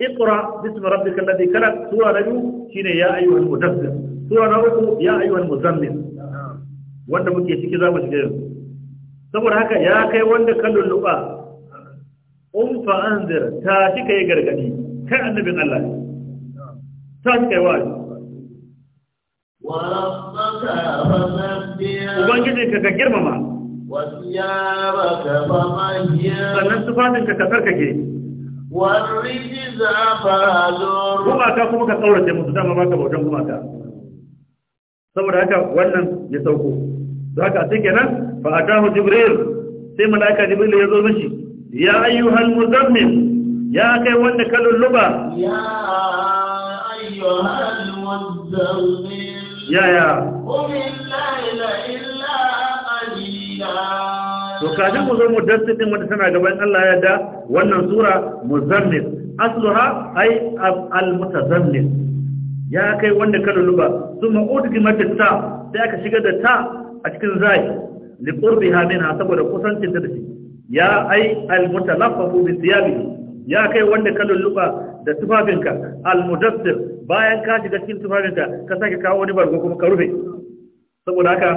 iqra bismi rabbikal ladhi khalaq sura na biyu shine ya ayyuhal mudassir sura na uku ya ayyuhal muzammil wanda muke ciki za mu shiga yanzu saboda haka ya kai wanda ka lulluɓa un um fa anzir ta shi yi gargadi kai annabin Allah ne ta shi kai wa'azi Ubangiji ka ka girmama sannan tufafin ka ka tsarkake gumaka kuma ka tsaurace musu dama ba ka bautan ka? saboda haka wannan ya sauko da haka sai kenan fa atahu jibril sai malaika jibril ya zo mishi ya ayyuhal muzammil ya kai wanda ka lulluba ya ayyuhal muzammil ya ya qumil layla illa qalila to kafin mu zo mu darsitin wanda tana gaban Allah ya da wannan sura muzammil asluha ay al mutazammil ya kai wanda ka luluba sun ma'udu mata ta sai aka shigar da ta a cikin zai li qurbi saboda kusancin ta da shi ya ai al bi siyabi ya kai wanda ka luluba da tufafinka almudassir bayan ka shiga cikin tufafinka ka sake kawo wani bargo kuma ka rufe saboda haka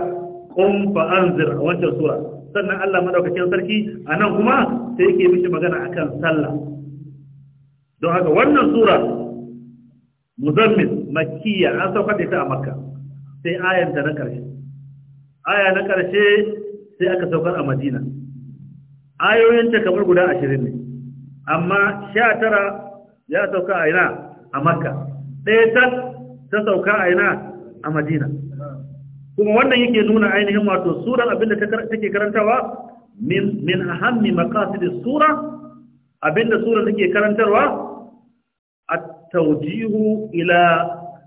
qum fa anzir a wancan sura sannan Allah madaukakin sarki a nan kuma sai yake mishi magana akan sallah don haka wannan sura muzammil makkiya an sauka da ita a makka sai ayan da na karshe aya na karshe sai aka saukar a madina ayoyin ta kamar guda ashirin ne amma sha tara ya sauka a ina a makka ɗaya ta ta sauka a ina a madina kuma wannan yake nuna ainihin wato surar abinda take karantawa min ahammi maqasid sura abinda sura take karantarwa توجيهه إلى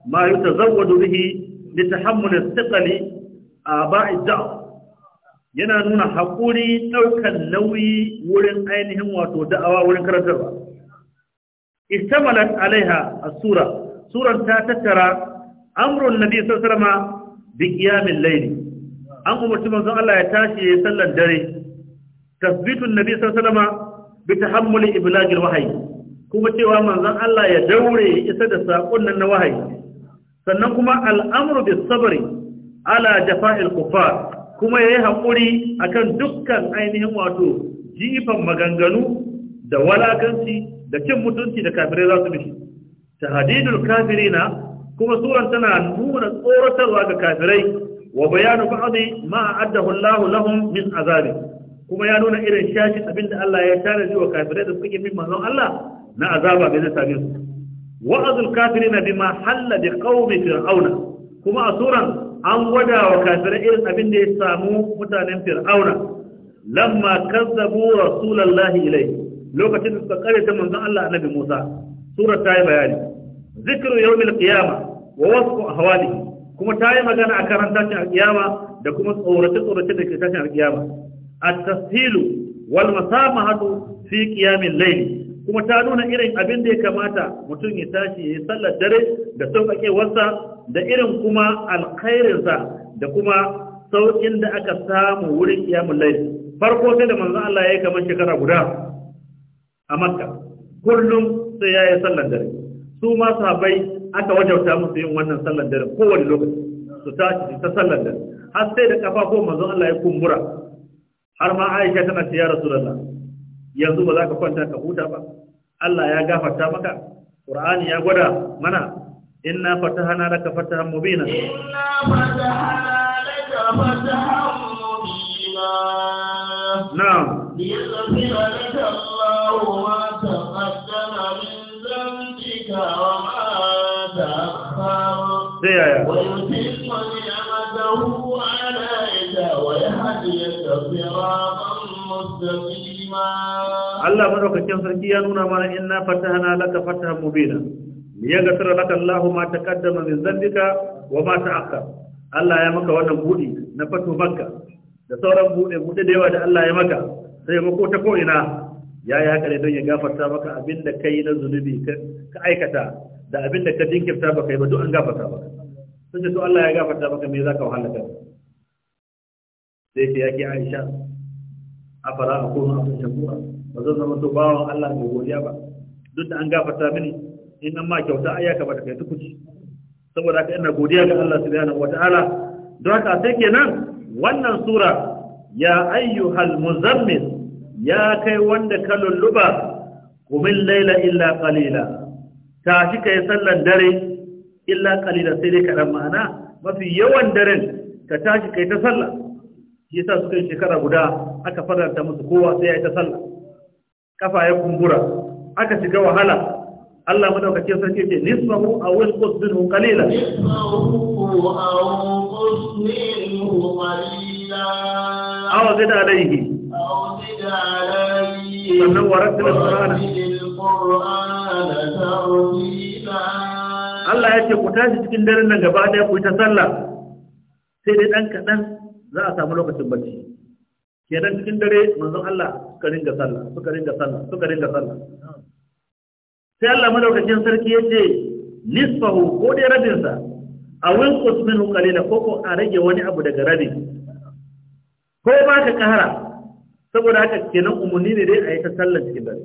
ما يتزود به لتحمل الثقل آباء الدعوة yana nuna haƙuri ɗaukar nauyi wurin ainihin wato da'awa wurin karantarwa. Istamalat alaiha a sura, suran ta tattara amrun nabi sassarma bi ƙiyamin laili. An umarci manzon Allah ya tashi ya sallan dare, tasbitun nabi sassarma bi tahammulin iblagil wahayi. kuma cewa manzon Allah ya daure ya isa da saƙon nan na wahayi sannan kuma al'amru bis sabari ala jafa'il kuffar kuma yayi a akan dukkan ainihin wato jifan maganganu da walakanci da cin mutunci da kafirai za su mishi kafiri kafirina kuma suran tana nuna tsoratarwa ga kafirai wa bayanu ba'dhi ma addahu Allahu lahum min azabi kuma ya nuna irin shashi abinda Allah ya tare wa kafirai da suke min manzon Allah na azaba bai zai same su wa'azul kafirin bima halla bi qaumi fir'auna kuma a suran an gwada wa kafirai irin abin da ya samu mutanen fir'auna lamma kazzabu rasulullahi ilai lokacin da suka kare manzon Allah annabi Musa surar ta yi bayani zikru yawmil qiyama wa wasfu ahwali kuma ta yi magana a kan tashin da kuma tsorace tsorace da ke tashin alkiyama at-tashilu wal masamahatu fi qiyamil layl kuma ta nuna irin abin da ya kamata mutum ya tashi ya yi sallar dare da sauƙaƙewarsa da irin kuma alkhairinsa da kuma sauƙin da aka samu wurin iyamun laifi farko sai da manzan Allah ya yi kamar shekara guda a makka kullum sai ya yi sallar dare su ma sabai aka wajauta musu yin wannan sallar dare kowane lokaci su tashi ta sallar dare har sai da kafa ko manzan Allah ya kumbura har ma Aisha tana ce ya Rasulullah yanzu ba za ka kwanta ka huta ba Allah ya gafarta maka Qur'ani ya gwada mana inna fatahana laka fatahan mubina inna fatahana laka fatahan mubina na'am liyaghfir laka Allahu ma taqaddama min dhanbika wa ma ta'akhkhar sai yaya wa yutimmu ni'matahu 'alayka wa yahdiyaka siratan mustaqima Allah madaukakin sarki ya nuna mana inna fatahna laka fatahan mubina liyaghfira laka Allahu ma taqaddama min dhanbika wa ma ta'akhkhar Allah ya maka wannan budi na fatu Makka da sauran bude bude da yawa da Allah ya maka sai mako ta ko ina ya yi haka ne don ya gafarta maka abin da kai na zunubi ka aikata da abin da ka dinkirta baka yi ba duk an gafarta maka sai to Allah ya gafarta maka me zaka wahala ka sai ya yake Aisha fara a kuma abin shakura ba zan zama to bawan Allah mai godiya ba duk da an gafata mini in an ma kyauta ai ba da kai tukuci saboda ka ina godiya ga Allah wata wataala don haka sai nan wannan sura ya ayyuhal muzammil ya kai wanda ka lulluba kumin laila illa shi tashi kai sallan dare illa kalila sai dai kaɗan ma'ana mafi yawan daren ka tashi kai ta sallah shi yasa suka yi shekara guda aka faranta musu kowa sai ya yi ta sallah kafa ya kumbura aka shiga wahala Allah madaukakin sarki ce nisbahu aw yanqus minhu qalila nisfahu aw zid alayhi aw zid alayhi qur'ana Allah ya ce ku tashi cikin daren nan gaba ɗaya ku yi ta sallah sai dai ɗan kaɗan za a samu lokacin bacci kenan cikin dare manzon Allah suka ringa sallah suka ringa sallah suka ringa sallah sai Allah madaukakin sarki yace nisfahu ko dai rabin sa a winqus minhu qalila ko ko a rage wani abu daga rabi ko ba ka kahara saboda haka kenan umarni ne dai a yi ta sallah cikin dare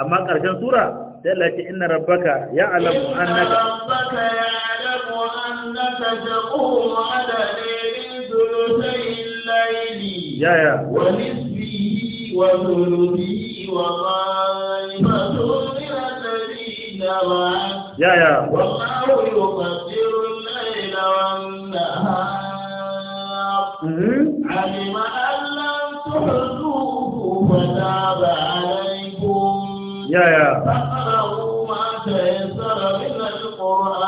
amma karshen sura sai Allah ya inna rabbaka ya'lamu annaka rabbaka ya'lamu annaka taqumu adadin ثلثي الليل ونصفه وثلثه وطائفة من يا يا والله يقدر الليل والنهار علم أن لم تحصوه فتاب عليكم يا يا فاقرأوا ما تيسر من القرآن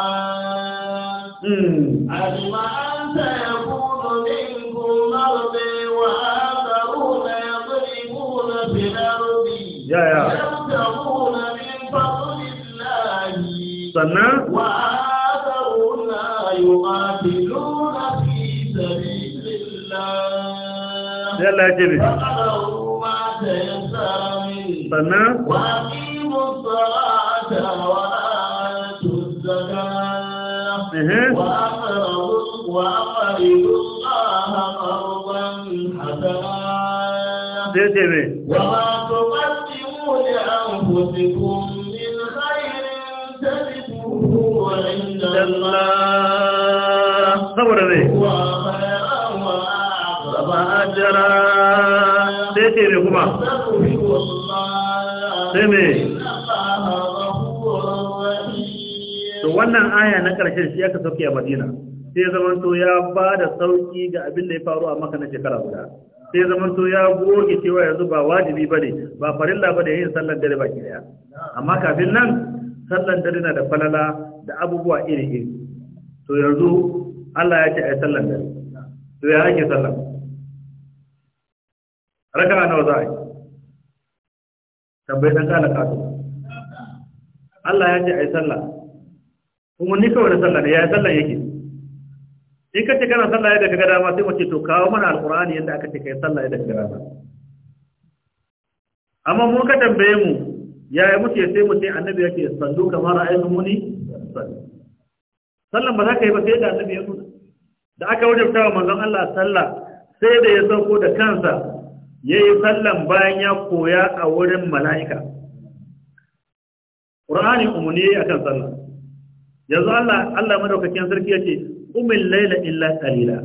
علم أن سيقول صنع وآخرون يقاتلون في سبيل الله يلا جري فقدروا ما تيسر من صنع الصلاة وآتوا الزكاة وأقرضوا وأقرضوا الله قرضا حسنا ne sai ce to wannan aya na ƙarshen shi aka sauke a madina sai zaman to ya ba da sauki ga abin da ya faru a maka shekara guda sai zaman zamanto ya goge cewa yanzu ba wajibi ba ne ba farilla ba da yin sallar dare ba ke amma kafin nan sallar dare na da falala da abubuwa iri iri to yanzu Allah ya ce a yi sallan dare to ya ake sallan raka nawa za a yi tambayi ɗan kala kato Allah ya ce a yi sallah kuma ni kawai da sallah ya yi sallah yake in ka ce kana sallah yadda ka ga dama sai mace to kawo mana Alƙur'ani yadda aka ce ka yi sallah yadda ka ga dama amma mun ka tambaye mu ya yi ya sai mu ce annabi yake sallu kamar ayyukan muni sallu sallan ba za ka yi ba sai da annabi ya nuna da aka wajabta wa manzon Allah sallah sai da ya sauko da kansa ya yi sallan bayan ya koya a wurin mala'ika Qur'ani umuni akan sallah yanzu Allah Allah madaukakin sarki ya ce umin laila illa qalila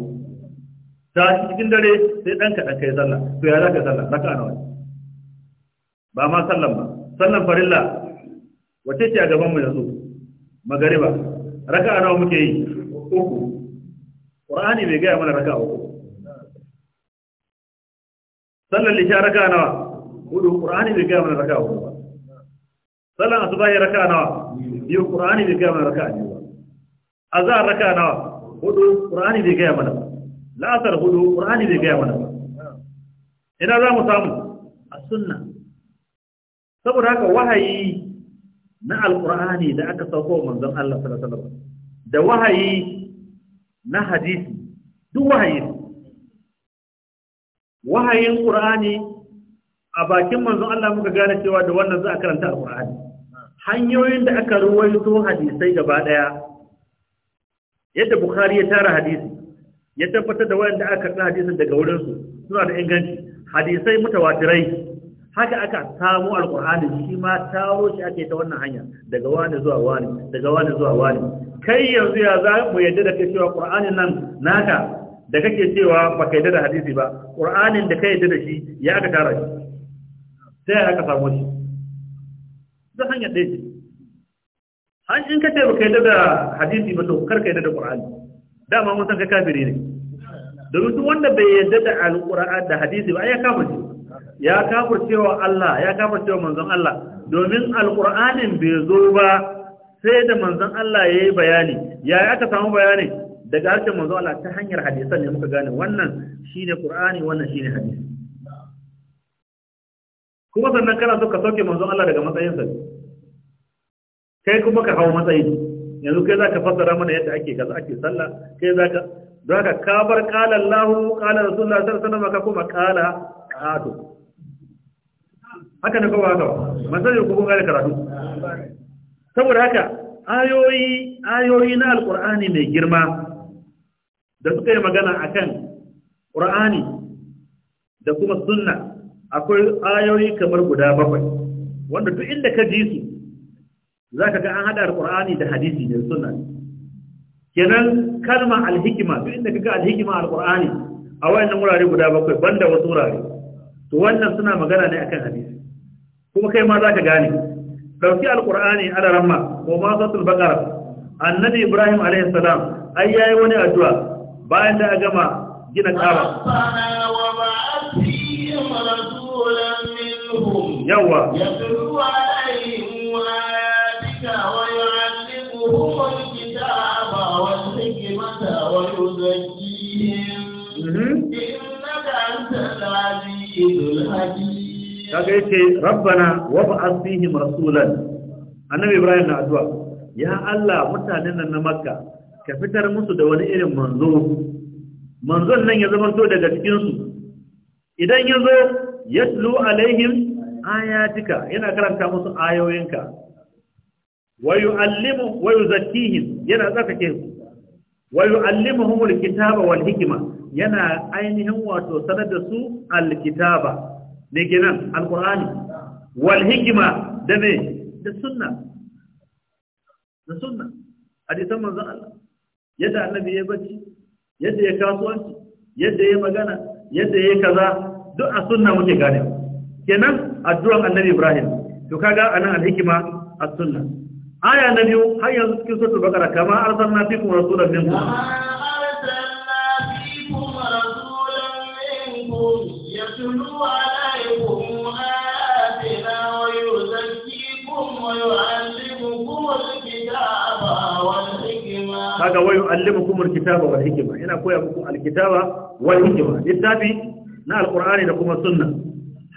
ta cikin dare sai dan ka dan kai sallah to ya zaka sallah zaka ana wani ba ma sallan ba sallan farilla wace ce a gaban mu yanzu magariba raka'a nawa muke yi uku qur'ani bai gaya mana raka'a uku sallar lisha raka'a nawa hudu qur'ani bai gaya mana raka'a uku Sallan sallar yi raka'a nawa biyu qur'ani bai gaya mana raka'a biyu A azhar raka'a nawa hudu qur'ani bai gaya mana la'asar hudu qur'ani bai gaya mana ina za mu samu a sunna saboda haka wahayi na alqur'ani da aka sauko manzon Allah sallallahu alaihi wasallam da wahayi na hadisi duk wahayi wahayin qur'ani a bakin manzon Allah muka gane cewa da wannan za a karanta alqur'ani hanyoyin da aka ruwaito hadisai gaba daya yadda bukhari ya tara hadisi ya tabbatar da wayanda aka tsara hadisin daga wurin su suna da inganci hadisai mutawatirai haka aka samu Alƙur'ani shi ma taro shi ake ta wannan hanya daga wani zuwa wani daga wani zuwa wani kai yanzu ya za mu yadda da kai cewa qur'anin nan naka da kake cewa ba ka yadda da hadisi ba qur'anin da kai yadda da shi ya aka tara shi sai aka samu shi da hanyar da shi an in kace ba ka yadda da hadisi ba to kar ka yadda da ƙur'ani. dama mun san ka kafiri ne domin duk wanda bai yadda da Alƙur'ani da hadisi ba ai ya kama shi ya wa Allah ya cewa manzon Allah domin alqur'anin bai zo ba sai da manzon Allah yayi bayani ya aka samu bayani daga harshen manzon Allah ta hanyar hadisan ne muka gane wannan shine qur'ani wannan shine hadisi kuma sannan kana so ka sauke manzon Allah daga matsayinsa kai kuma ka hawo matsayi yanzu kai zaka fassara mana yadda ake kaza ake sallah kai zaka don haka ka bar qala Allah qala Rasulullah sallallahu alaihi wasallam ka kuma qala qatu haka na kowa haka masalin kuma gari karatu saboda haka ayoyi ayoyi na alkur'ani mai girma da suka yi magana a kan ƙur'ani da kuma sunna akwai ayoyi kamar guda bakwai wanda duk inda ka ji su ka ga an hada alkur'ani da hadisi da sunna kenan kalma alhikima duk inda ka ga alhikima alkur'ani a wayannan wurare guda bakwai banda wasu wurare to wannan suna magana ne akan hadisi kuma kai ma za ka gane ɗauki alƙur'ani ala ramma ko ma sassul bakar annabi ibrahim alaihi salam ai yayi wani addu'a bayan da a gama gina ƙara. yawa kaga yace rabbana wa ba'ath fihim rasulan annabi ibrahim na addu'a ya Allah mutanen nan na makka ka fitar musu da wani irin manzo manzon nan ya zama to daga cikin su idan ya zo yatlu alaihim ayatika yana karanta musu ayoyinka wa yu'allimu wa yuzakkihim yana zakake su wa yu'allimuhumul kitaba wal hikma yana ainihin wato sanar da su alkitaba ne kenan alqur'ani wal hikima da me da sunna da sunna hadisan manzo Allah yadda annabi ya bacci yadda ya kasuwanci yadda ya magana yadda ya kaza duk a sunna muke gane kenan addu'an annabi Ibrahim to kaga anan al-hikima as-sunna aya na biyu har yanzu cikin suratul baqara kama arsalna fikum rasulan minkum haka wa yu'allimukum kitaba wal hikima. Ina koya muku kitaba wal hikima littafi na alqur'ani da kuma sunna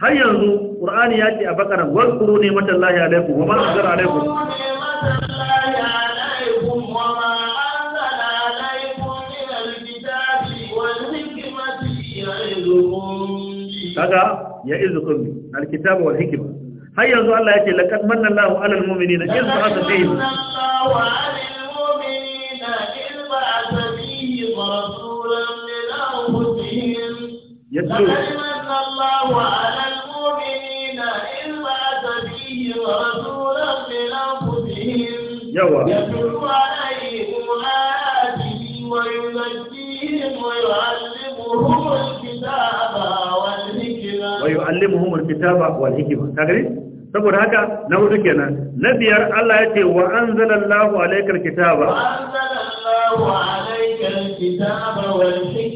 har yanzu qur'ani ya ce a bakara wal quruni matallahi alaikum wa ma anzala alaikum kaga ya izukum alkitaba wal hikima. har yanzu Allah ya ce laqad manna Allahu alal mu'minina iz ba'atha fihim yace sallallahu ala almu'minina in ba'atha bihi rasulan min yawa yatlu alaihim ayatihi wa yuzakkihim wa yu'allimuhum alkitaba wal hikma wa yu'allimuhum alkitaba wal hikma kaga saboda haka na hudu kenan na biyar Allah ya ce wa anzalallahu kitaba wa kitaba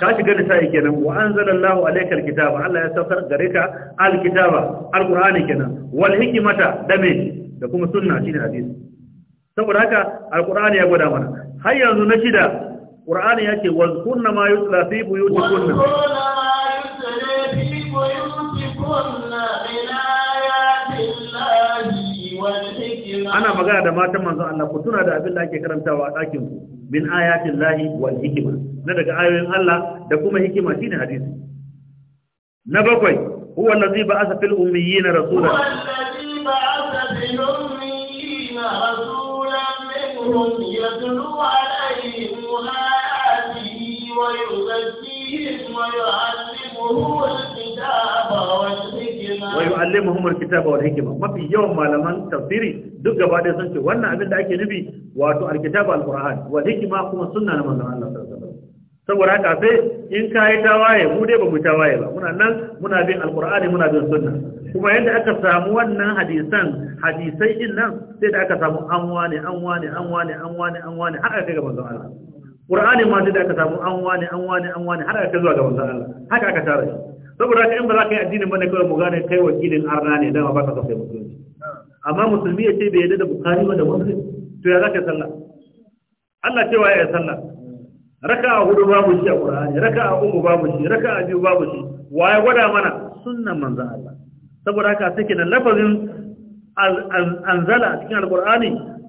ka shiga da sai kenan wa anzalallahu alayka alkitaba Allah ya saukar gare ka alkitaba alqur'ani kenan wal hikmata da me da kuma sunna shine hadisi saboda haka alqur'ani ya gwada mana har yanzu na shida qur'ani yake wa kunna ma yutla fi buyutikunna magana da matan manzon Allah ku tuna da abin da ake karantawa a ɗakin ku min ayatin lahi wal hikima na daga ayoyin Allah da kuma hikima shine hadisi na bakwai huwa allazi ba'atha fil ummiyin rasulan huwa allazi ba'atha fil ummiyin rasulan minhum yatlu alaihim ayatihi wa yuzakkihim wa yu'allimuhum wa yu'allimuhum alkitaba wal hikma mafi yawan malaman tafsiri duk gaba da sun ce wannan abin da ake nufi wato alkitaba alquran wal hikma kuma sunna na manzon Allah sallallahu alaihi wasallam saboda haka sai in kai tawaye mu dai ba mu tawaye ba muna nan muna bin alqur'ani muna bin sunna kuma yadda aka samu wannan hadisan hadisai din nan sai da aka samu an wane an wane an wane an wane an wane har aka ga manzon Allah Qur'ani ma sai da aka samu an wane an wane an wane har aka zuwa ga manzon Allah haka aka tara shi saboda ka in ba za ka yi addinin ba ne kawai mu gane kai wakilin arna ne dama ba ka kafa musulunci amma musulmi ya ce bai yadda da bukari ba da musulmi to ya za ka sallah Allah cewa ya sallah a hudu babu shi a raka a uku babu shi raka a biyu babu shi waye gwada mana sunnan manzan Allah saboda haka take nan lafazin anzala cikin Alƙur'ani,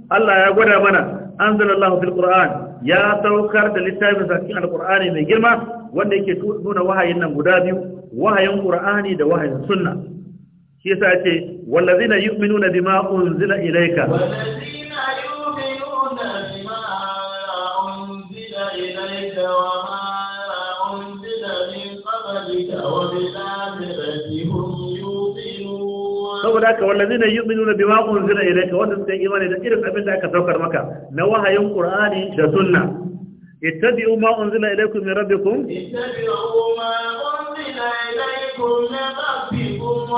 Allah ya gwada mana anzalallahu fil qur'an ya saukar da littafin cikin Alƙur'ani mai girma wanda yake nuna wahayin nan guda biyu wahayin qur'ani da wahayin sunna shi yasa yace wallazina yu'minuna bima unzila ilayka wallazina yu'minuna bima unzila ilayka wama unzila min qablika wa bil saboda wanda suka imani da irin abin da aka saukar maka na wahayin qur'ani da sunna ittabi'u ma unzila ilaykum min rabbikum ittabi'u ma كل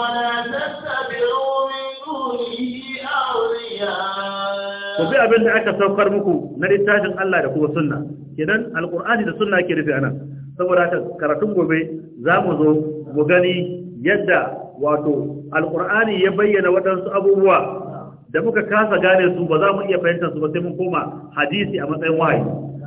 ku bi abin da aka saukar muku na littafin Allah da kuma sunna kenan alqur'ani da sunna ke rufe anan saboda haka karatun gobe za mu zo mu gani yadda wato Alƙur'ani ya bayyana waɗansu abubuwa da muka kasa gane su ba za mu iya fahimtar su ba sai mun koma hadisi a matsayin wahayi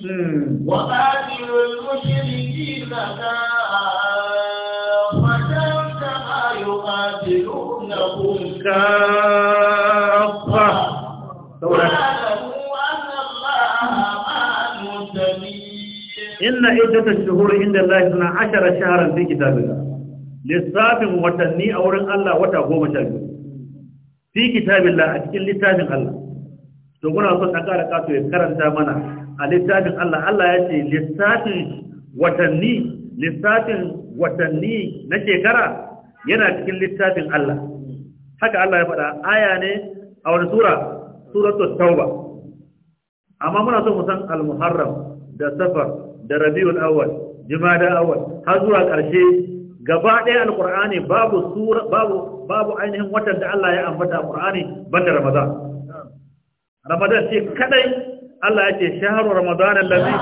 إن عدة الشهور عند الله سنة عشر شهرا في كتاب الله لصاف وتني أولا الله وتهو مشاكل في كتاب الله أكل لتاني الله تقول أصدقاء رقاته يذكر أنت منع a littafin Allah Allah ya ce lissafin watanni littafin watanni na shekara yana cikin littafin Allah haka Allah ya faɗa aya ne a wani sura suratul tauba amma muna so mu san al-muharram da safar da rabiul awwal jumada awwal har zuwa ƙarshe gaba ɗaya alqur'ani babu sura babu babu ainihin watan da Allah ya ambata alqur'ani banda ramadan ramadan ce kadai Allah ya ce shaharu ramadan allazi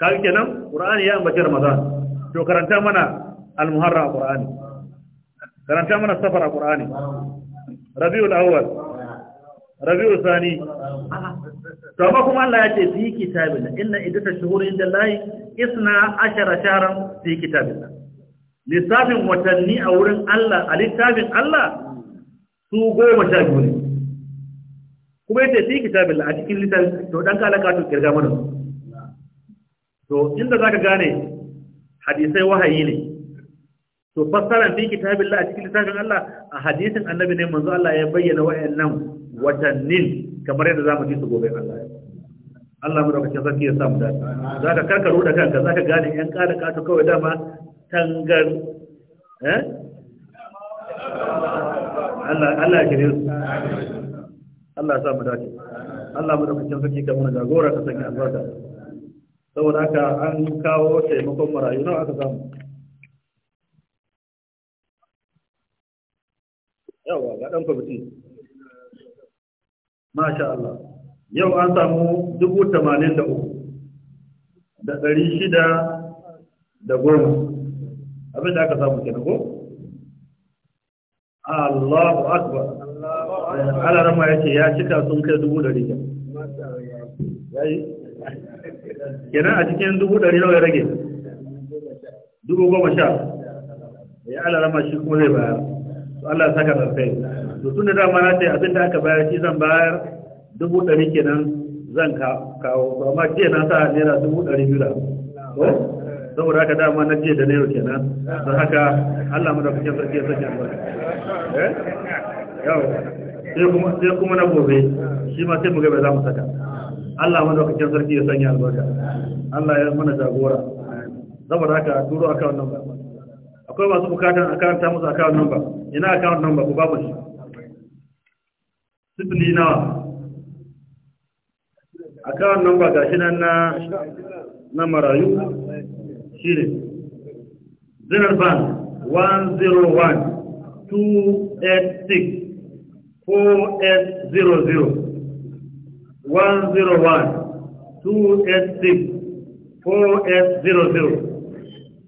kaga kenan qur'ani ya ambaci ramadan to karanta mana al-muharram qur'ani karanta mana safar qur'ani rabiul awwal rabiul thani to amma kuma Allah ya ce fi kitabillah inna idata shuhuri inda Allah isna ashara shahran fi kitabina. lissafin watanni a wurin Allah a littafin Allah su goma sha biyu ne kuma yace fi kitabin a cikin littafin to dan kala ka to kirga mana to inda zaka gane hadisai wahayi ne to fassara fi kitabin a cikin littafin Allah a hadisin annabi ne manzo Allah ya bayyana wayannan watannin kamar yadda zamu ji su gobe Allah Allah mu kace sarki ya samu da zaka karkaro da kanka zaka gane yan kada kato kawai dama tangar eh Allah ya kire su Allah ya sa mu dace Allah mu da sarki ka mana jagora ka sanya albarka saboda haka an kawo taimakon marayu nawa aka samu yawa ga dan kwamiti masha Allah yau an samu dubu tamanin da uku da ɗari shida da goma abin da aka samu ke ko Allahu akbar Allah rama yace ya cika sun kai dubu dari yi. kenan a cikin dubu dari nawa ya rage dubu goma sha ya ala rama shi kuma zai bayar to Allah ya saka rafai to tun da dama na ce abin da aka bayar shi zan bayar dubu dari kenan zan kawo ba. amma jiya na sa naira dubu dari biyu da saboda haka dama na jiya da Nero kenan don haka Allah mu da kuke sarki ya sake albarka eh yau sai kuma sai kuma na gobe shi ma sai mu ga za mu saka Allah mu da kuke sarki ya sanya albarka Allah ya mana jagora saboda haka turo account number akwai masu bukatan akawun ta musu account number ina akawun number ku babu shi sifili nawa account number gashi nan na na marayu shi ne zinar ban 101-286-4800 101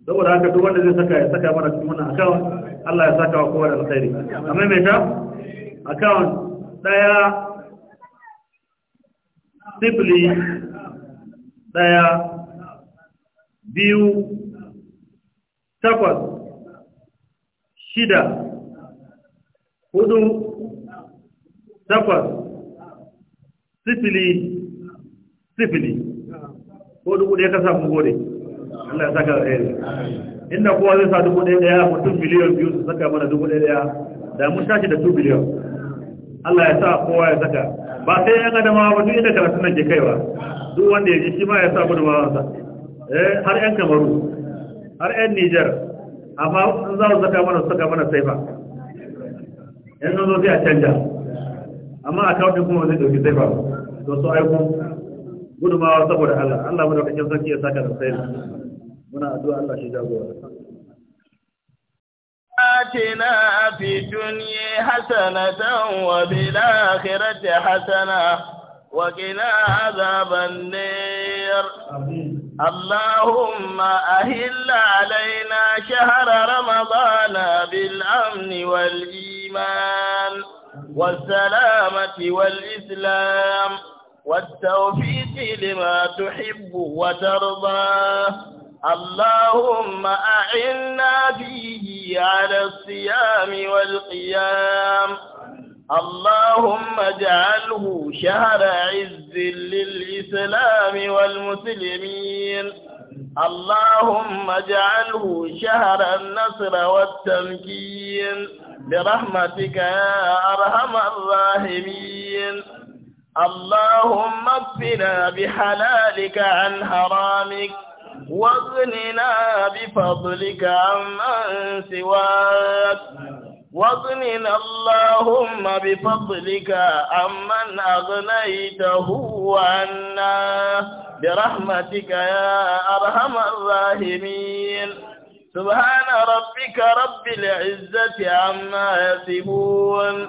saboda haka duk wanda zai saka ya saka mana cikin account Allah ya saka wa kowa da alkhairi amma me ta account daya sifili daya biyu takwas shida hudu takwas sifili sifili ko dubu ɗaya ka samu gode Allah ya saka ɗaya inda kowa zai sa dubu ɗaya ɗaya mutum miliyan biyu su saka mana dubu ɗaya ɗaya da mun tashi da 2 biliyan Allah ya sa kowa ya saka ba sai yan adama ba duk inda karatun nan ke kaiwa duk wanda ya ji shi ma ya sa sa Eh, har yan kamaru har yan niger amma sun za su zaka mana suka mana saifa yan zan zo a canja amma a kawo kuma zai ɗauki saifa don su aiko gudumawa saboda allah allah mu da kakin sarki ya saka da saifa muna addu'a allah shi jagora آتنا في الدنيا حسنة وبالآخرة حسنة وقنا عذاب النير آمين اللهم أهل علينا شهر رمضان بالأمن والإيمان والسلامة والإسلام والتوفيق لما تحب وترضى اللهم أعنا فيه على الصيام والقيام اللهم اجعله شهر عز للإسلام والمسلمين اللهم اجعله شهر النصر والتمكين برحمتك يا أرحم الراحمين اللهم اكفنا بحلالك عن حرامك واغننا بفضلك عمن سواك واغننا اللهم بفضلك عمن أغنيته عنا برحمتك يا أرحم الراحمين سبحان ربك رب العزة عما يصفون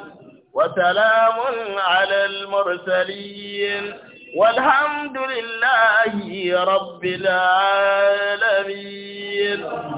وسلام على المرسلين والحمد لله رب العالمين